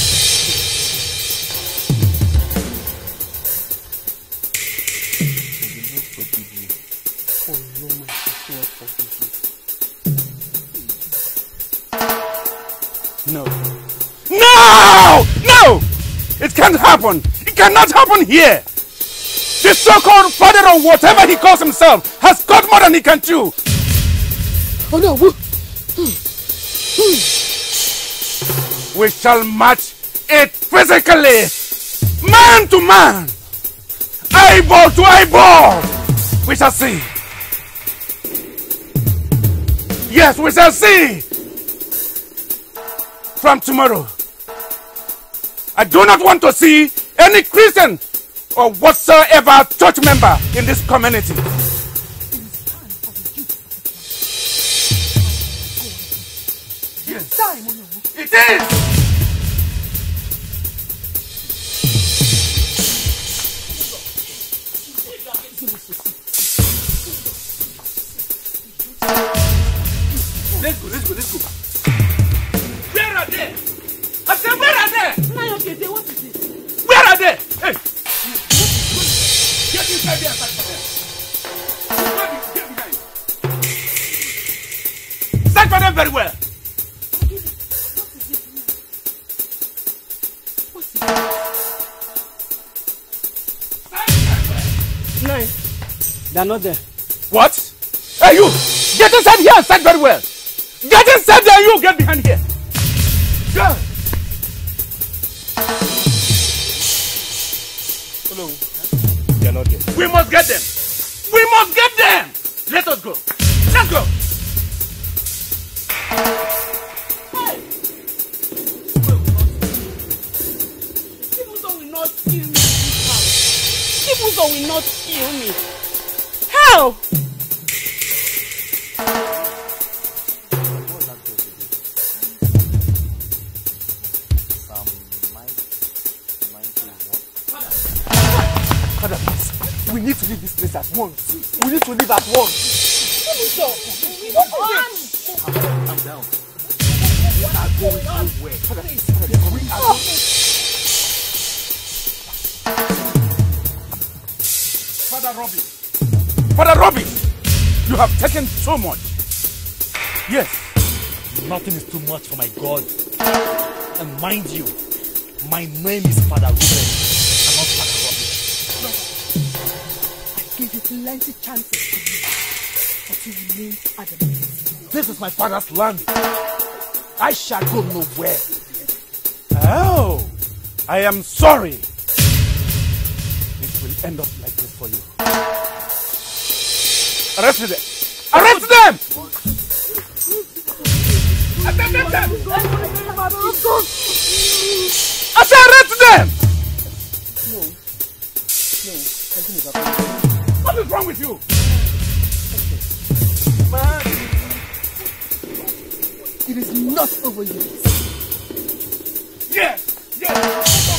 happen. It cannot happen here. This so-called father or whatever he calls himself has got more than he can chew. Oh no. We shall match it physically. Man to man. Eyeball to eyeball. We shall see. Yes, we shall see. From tomorrow. I do not want to see any Christian or whatsoever church member in this community. Yes, it is. Let's go, let's go, let's go. Where are they? Ase, where are they? Nayoke, they what is it? Where are they? Hey! Get inside there, inside for them. Get behind. Search for them very well. Nine. They are not there. What? Hey, you! Get inside here and search very well. Get inside there, and you! Get behind here. Go! are not there. We must get them. We must get them. Let us go. Let's go. Hey. Kibuzo will not kill me. Kibuzo will not kill me. at once. We need to leave at once. Calm, calm down. We are going nowhere. We are Father Robbie. Father Robbie, you have taken so much. Yes, nothing is too much for my God. And mind you, my name is Father Ruben. plenty chances, but adamant. This is my father's land. I shall go nowhere. Oh, I am sorry. It will end up like this for you. Arrest them! Arrest them! Arrest them! I said arrest them! What is wrong with you? Man. It is not over yet. Yes! Yes!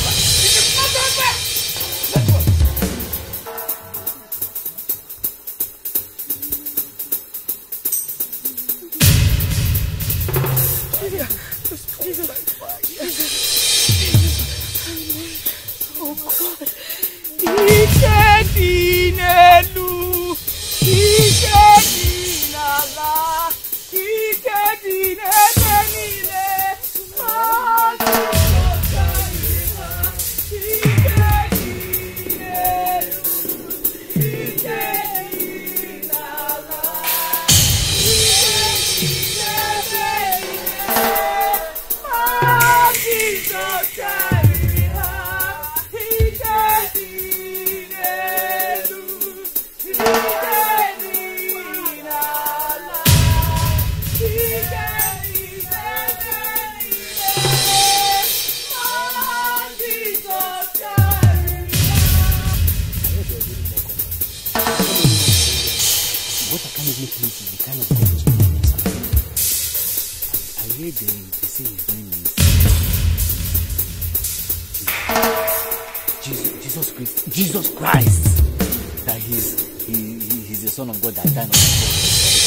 Son of God that died on the cross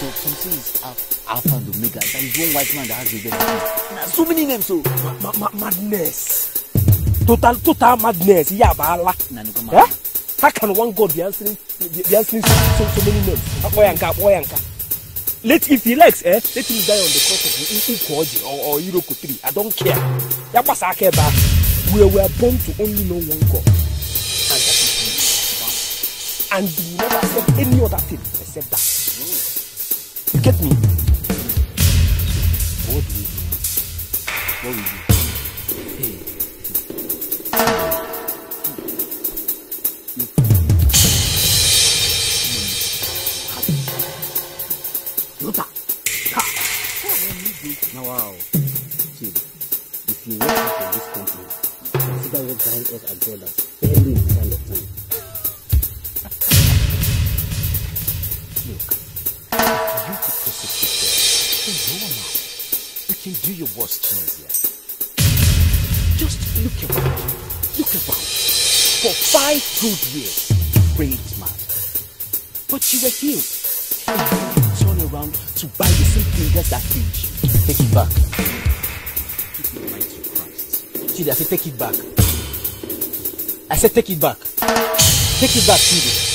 for the salvation of mankind. So something is Alpha and Omega. There is one white man that has the best. So many names, so ma ma madness. Total total madness. Yeah, bala. Eh? How can one God be answering be answering so, so many names? Oyanka, Oyanka. Let if he likes, eh? Let him die on the cross of Ukwoji or, or Iroko 3. I don't care. We were born to only know one God and you never said any other thing except that. Mm. You get me? what do we do? What we do? Hey. Yota. Ha. Now wow. See, if you work for this company, consider what buying us a brothers early in kind of time. sophisticated. And who am I? You can do your worst to me here. Just look around. Look around. For five good years, great man. But you were healed. And you turn around to buy the same fingers that healed you. Take it back. Give your mind to Christ. Judy, I said take it back. I said take it back. Take it back, Judy.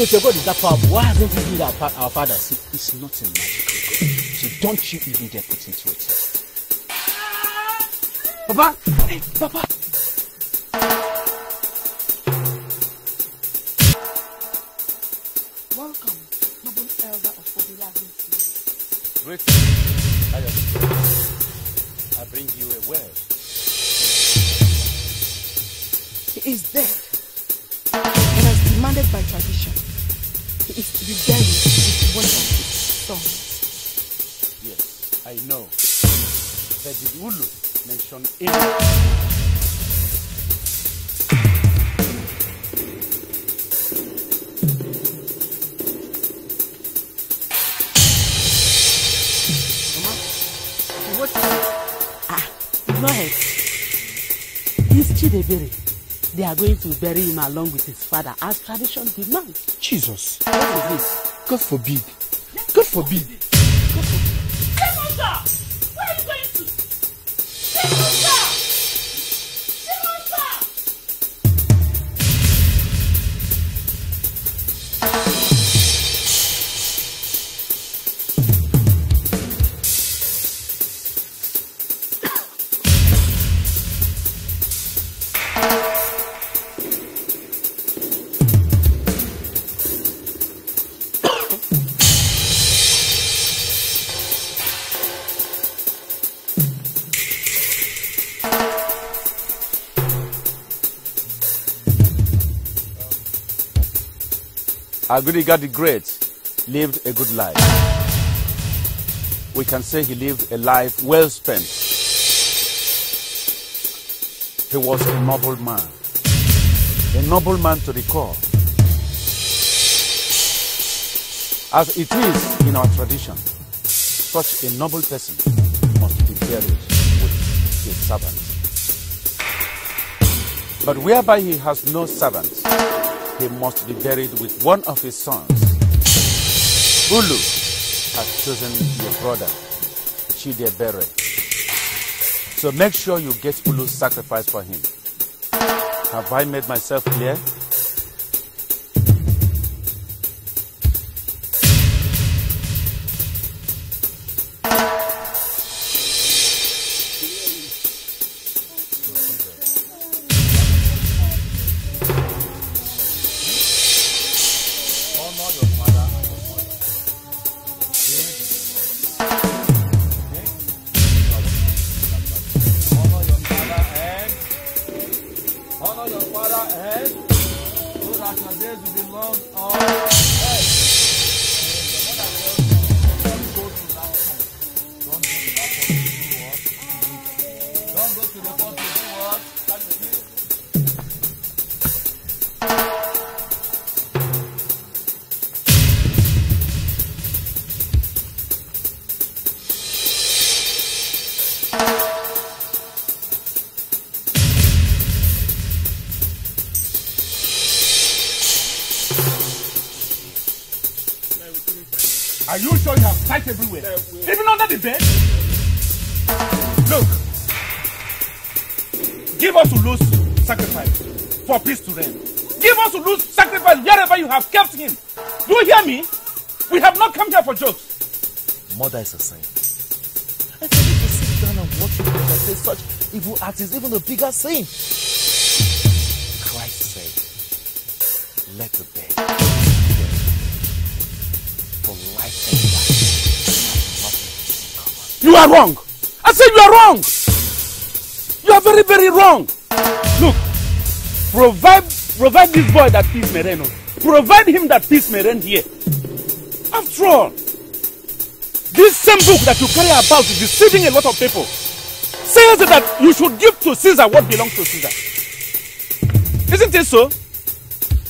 So if your God is that powerful, why haven't we been our, our fathers? See, it's not a magical God. So don't you even dare put into a test. Papa! Hey, Papa! Welcome, noble elder of Obila Greetings, I I bring you a word. He is there. Sajid Ulu mentioned earlier. Chidebere, they are going to bury him along with his father as tradition demands. Jesus. What is this? God forbid. God forbid. God forbid. Come on, Agriga the Great lived a good life. We can say he lived a life well spent. He was a noble man, a noble man to recall. As it is in our tradition, such a noble person must be buried with his servants. But whereby he has no servants, he must be buried with one of his sons. Ulu has chosen your brother, Chidebere. So make sure you get Ulu's sacrifice for him. Have I made myself clear? sacrifice for peace to reign. Give us a loose sacrifice wherever you have kept him. Do you hear me? We have not come here for jokes. Mother is a saint. I tell you to sit down and watch him. say such evil acts is even a bigger sin. Christ said, let the dead for life and death. You are wrong. I said you are wrong. You are very, very wrong. Provide, provide this boy that peace may Provide him that peace may here. After all, this same book that you carry about is deceiving a lot of people. Says that you should give to Caesar what belongs to Caesar. Isn't it so?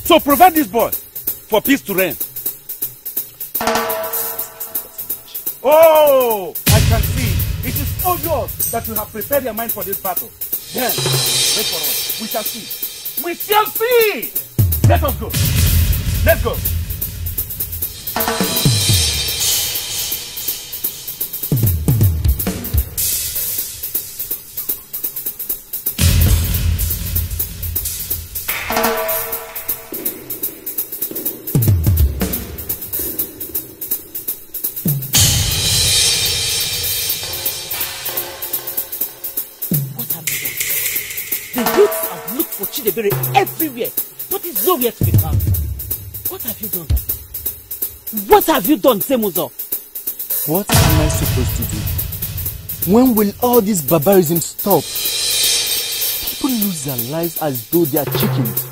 So provide this boy for peace to reign. Oh, I can see. It is obvious that you have prepared your mind for this battle. Then, wait for us. We shall see. We shall see. Let us go. Let's go. spirit everywhere, what is it's yet to be found. What have you done? What have you done, Semuzo? What am I supposed to do? When will all this barbarism stop? People lose their lives as though they are chickens,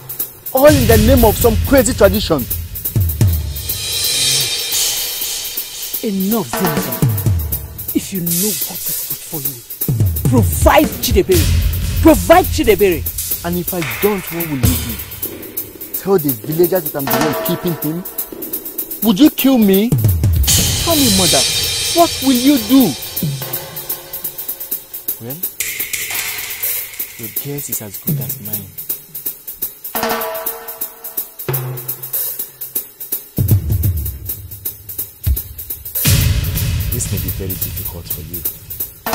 all in the name of some crazy tradition. Enough, Zinza. If you know what is good for you, provide Chideberry. Provide Chideberry. And if I don't, what will you do? Tell the villagers that I'm the one keeping him? Would you kill me? Tell me, mother, what will you do? Well, your guess is as good as mine. This may be very difficult for you, but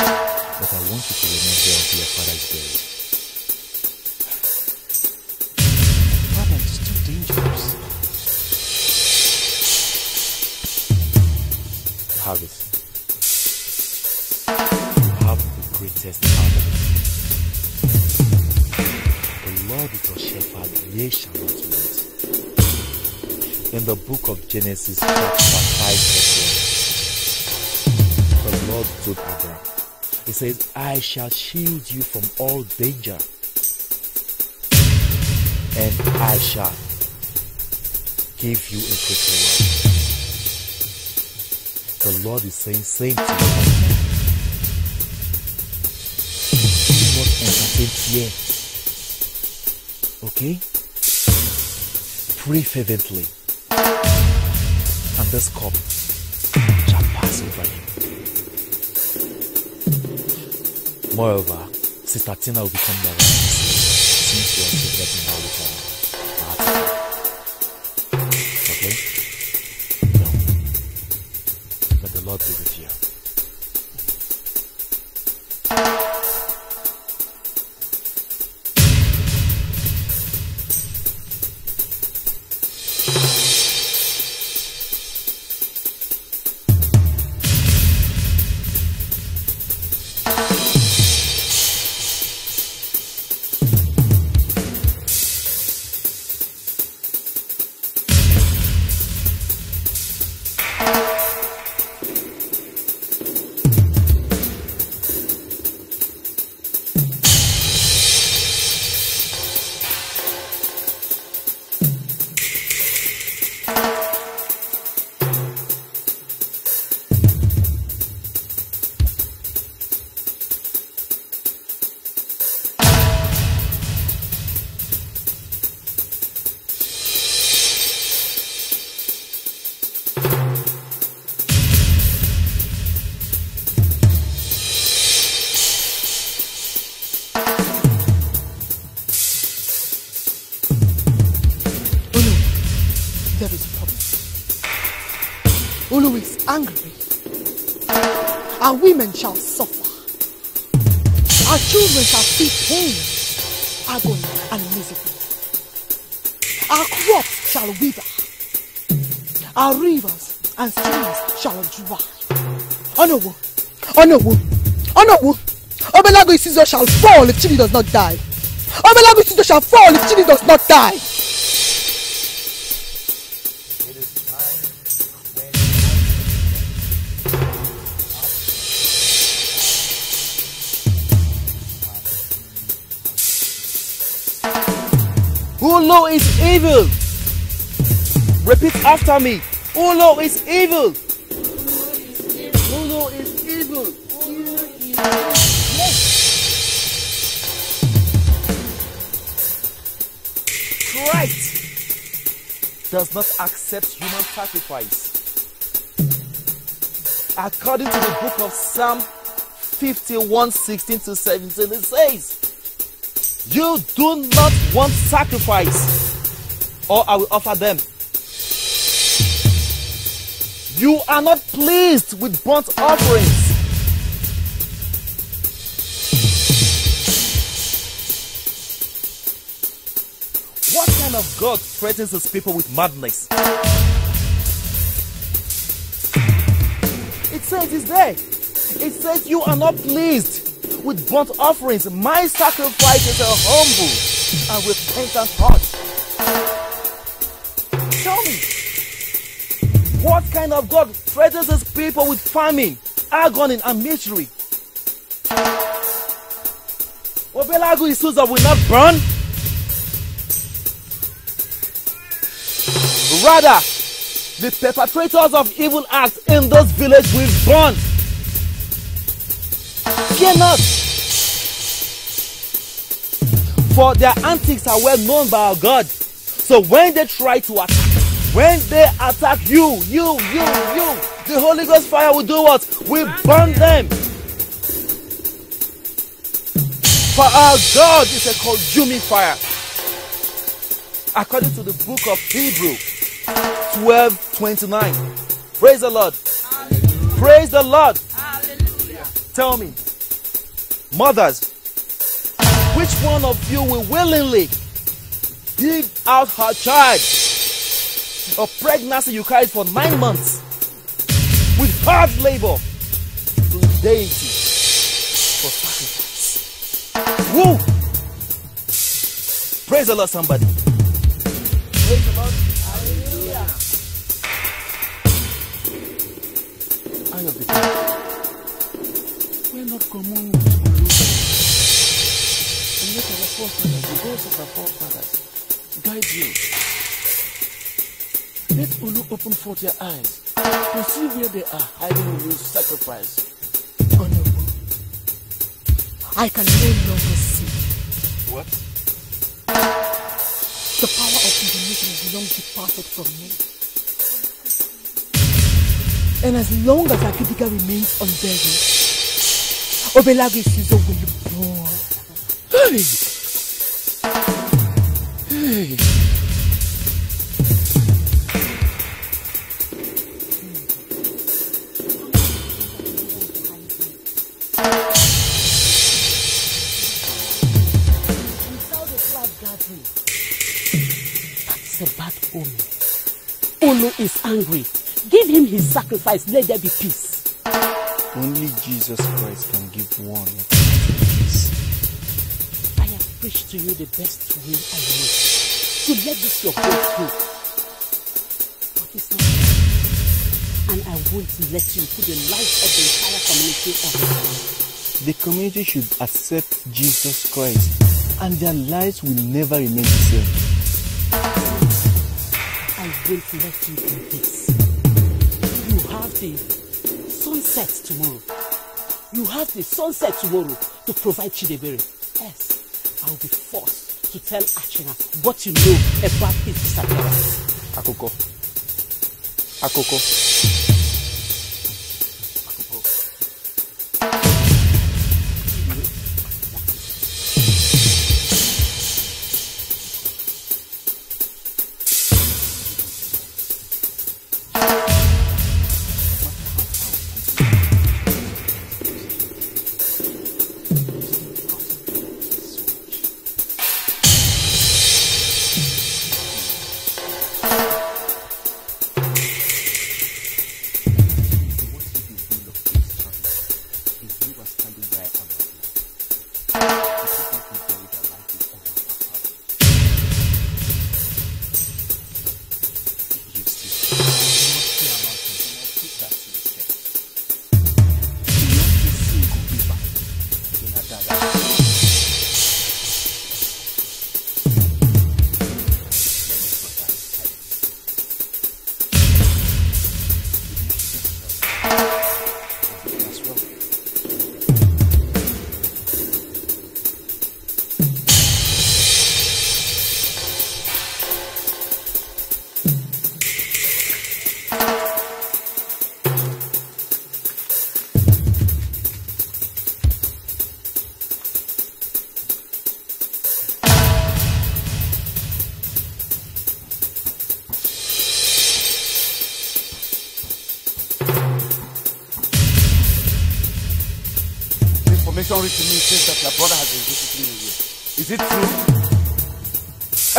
I want you to remember where your father is buried. harvest. Have the greatest harvest. The Lord is your shepherd, ye shall not want. In the book of Genesis, chapter 5, verse 1, the Lord told Abraham, He says, I shall shield you from all danger, and I shall give you a good reward. The Lord is saying, saying to you, do not entertain fear. Okay? Pray fervently. And this cup shall pass over you. Moreover, Sister Tina will become the wife. shall wither. Our rivers and streams shall dry. Onowo, Onowo, Onowo. Obelago Isizo shall fall if Chidi does not die. Obelago Isizo shall fall if Chidi does not die. Who Ulu is evil. Repeat after me. Ulo is evil. Ulo is evil. is evil. Christ does not accept human sacrifice. According to the book of Psalm 51 16 to 17, it says, You do not want sacrifice, or I will offer them. You are not pleased with burnt offerings. What kind of God threatens his people with madness? It says it's there. It says you are not pleased with burnt offerings. My sacrifice is a humble and repentant heart. What kind of God threatens his people with famine, agony, and misery? Obelagu Isuza will not burn. Rather, the perpetrators of evil acts in this village will burn. Cannot, For their antics are well known by our God. So when they try to attack, when they attack you, you, you, you, the Holy Ghost fire will do what? We burn them. For our God is a consuming fire. According to the book of Hebrew 12 29. Praise the Lord. Hallelujah. Praise the Lord. Hallelujah. Tell me, mothers, which one of you will willingly give out her child of pregnancy you carried for nine months with hard labor to deity for sacrifice. Woo! Praise the Lord, somebody. Praise the Lord. Hallelujah. I have the We're not common And yet our forefathers, the ghosts of our forefathers, guide you. Let Ulu open forth your eyes to see where they are hiding Ulu's sacrifice. Honorable, I can no longer see. What? The power of divination has long departed from me. And as long as Akitika remains unburied, Obelagi Suzo will be born. Hey! Hey! bad omen. Olu is angry. Give him his sacrifice. Let there be peace. Only Jesus Christ can give one peace. I have preached to you the best way I know. So let this your faith go. But it's not. And I won't let you put the life of the entire community on. The community should accept Jesus Christ and their lives will never remain the same. going to you this. You have the sunset tomorrow. You have the sunset tomorrow to provide Chidebere. Yes, I will be forced to tell Achina what you know about his disappearance. Akoko. Akoko.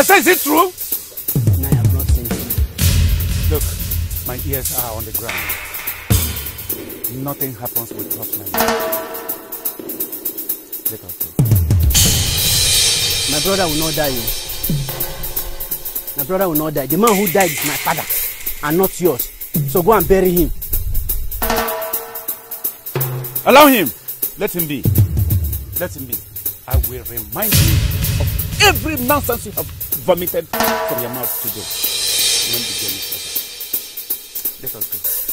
Pastor, is it true? No, I have not seen him. Look, my ears are on the ground. Nothing happens without my ears. Let us go. My brother will not die. Oh. My brother will not die. The man who died is my father and not yours. So go and bury him. Allow him. Let him be. Let him be. I will remind you of every nonsense you have vomited from your mouth today. When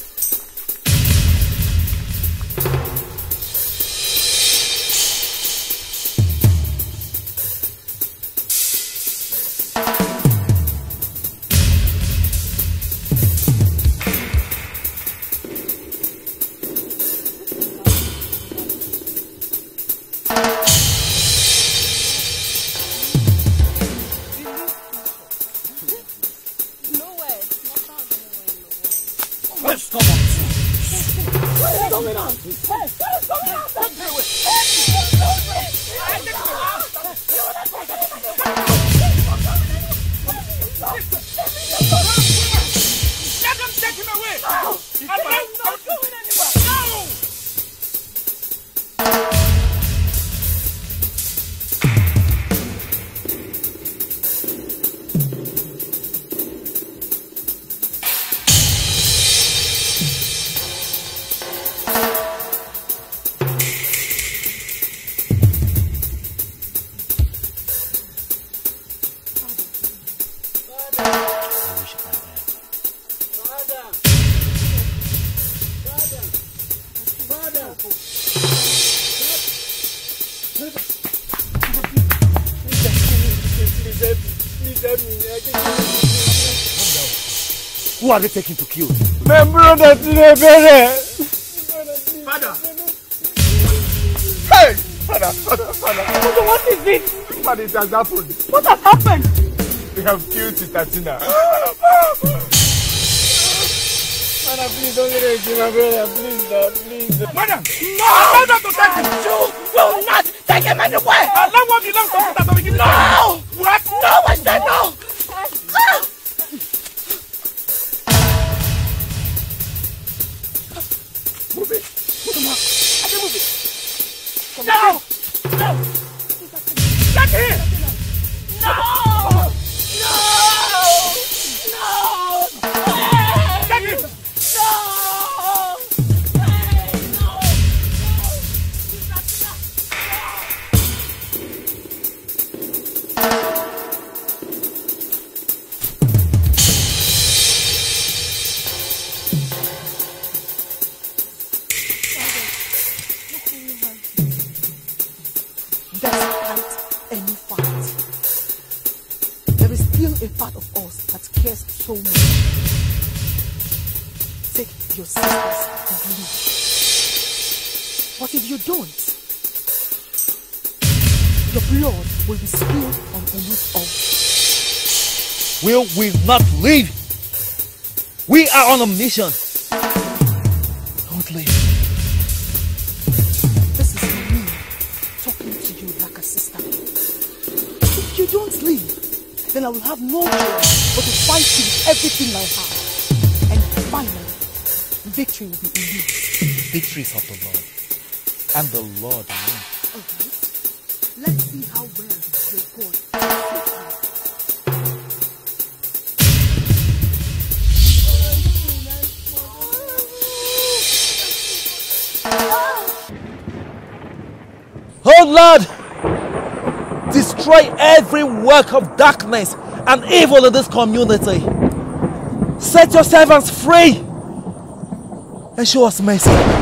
Who are they taking to kill? My brother Tinebere. Father. Hey! Father, father, father. Father, what is it? Father, it has happened. What has happened? They have killed Titatina. Father, please don't let it my brother. Please, Dad, please. Dad. No! Allow them to take him! You will not take him anywhere! Allow what belongs to Titatina! No! cares so much. Take your senses and leave. What if you don't, your blood will be spilled on Ulu's altar. We will not leave. We are on a mission. will have no choice but to fight you with everything I have. And finally, victory will be in you. Victory is of the Lord, and the Lord wins. Okay, let's see how well your God Oh Lord, destroy every work of darkness and evil in this community. Set your servants free and show us mercy.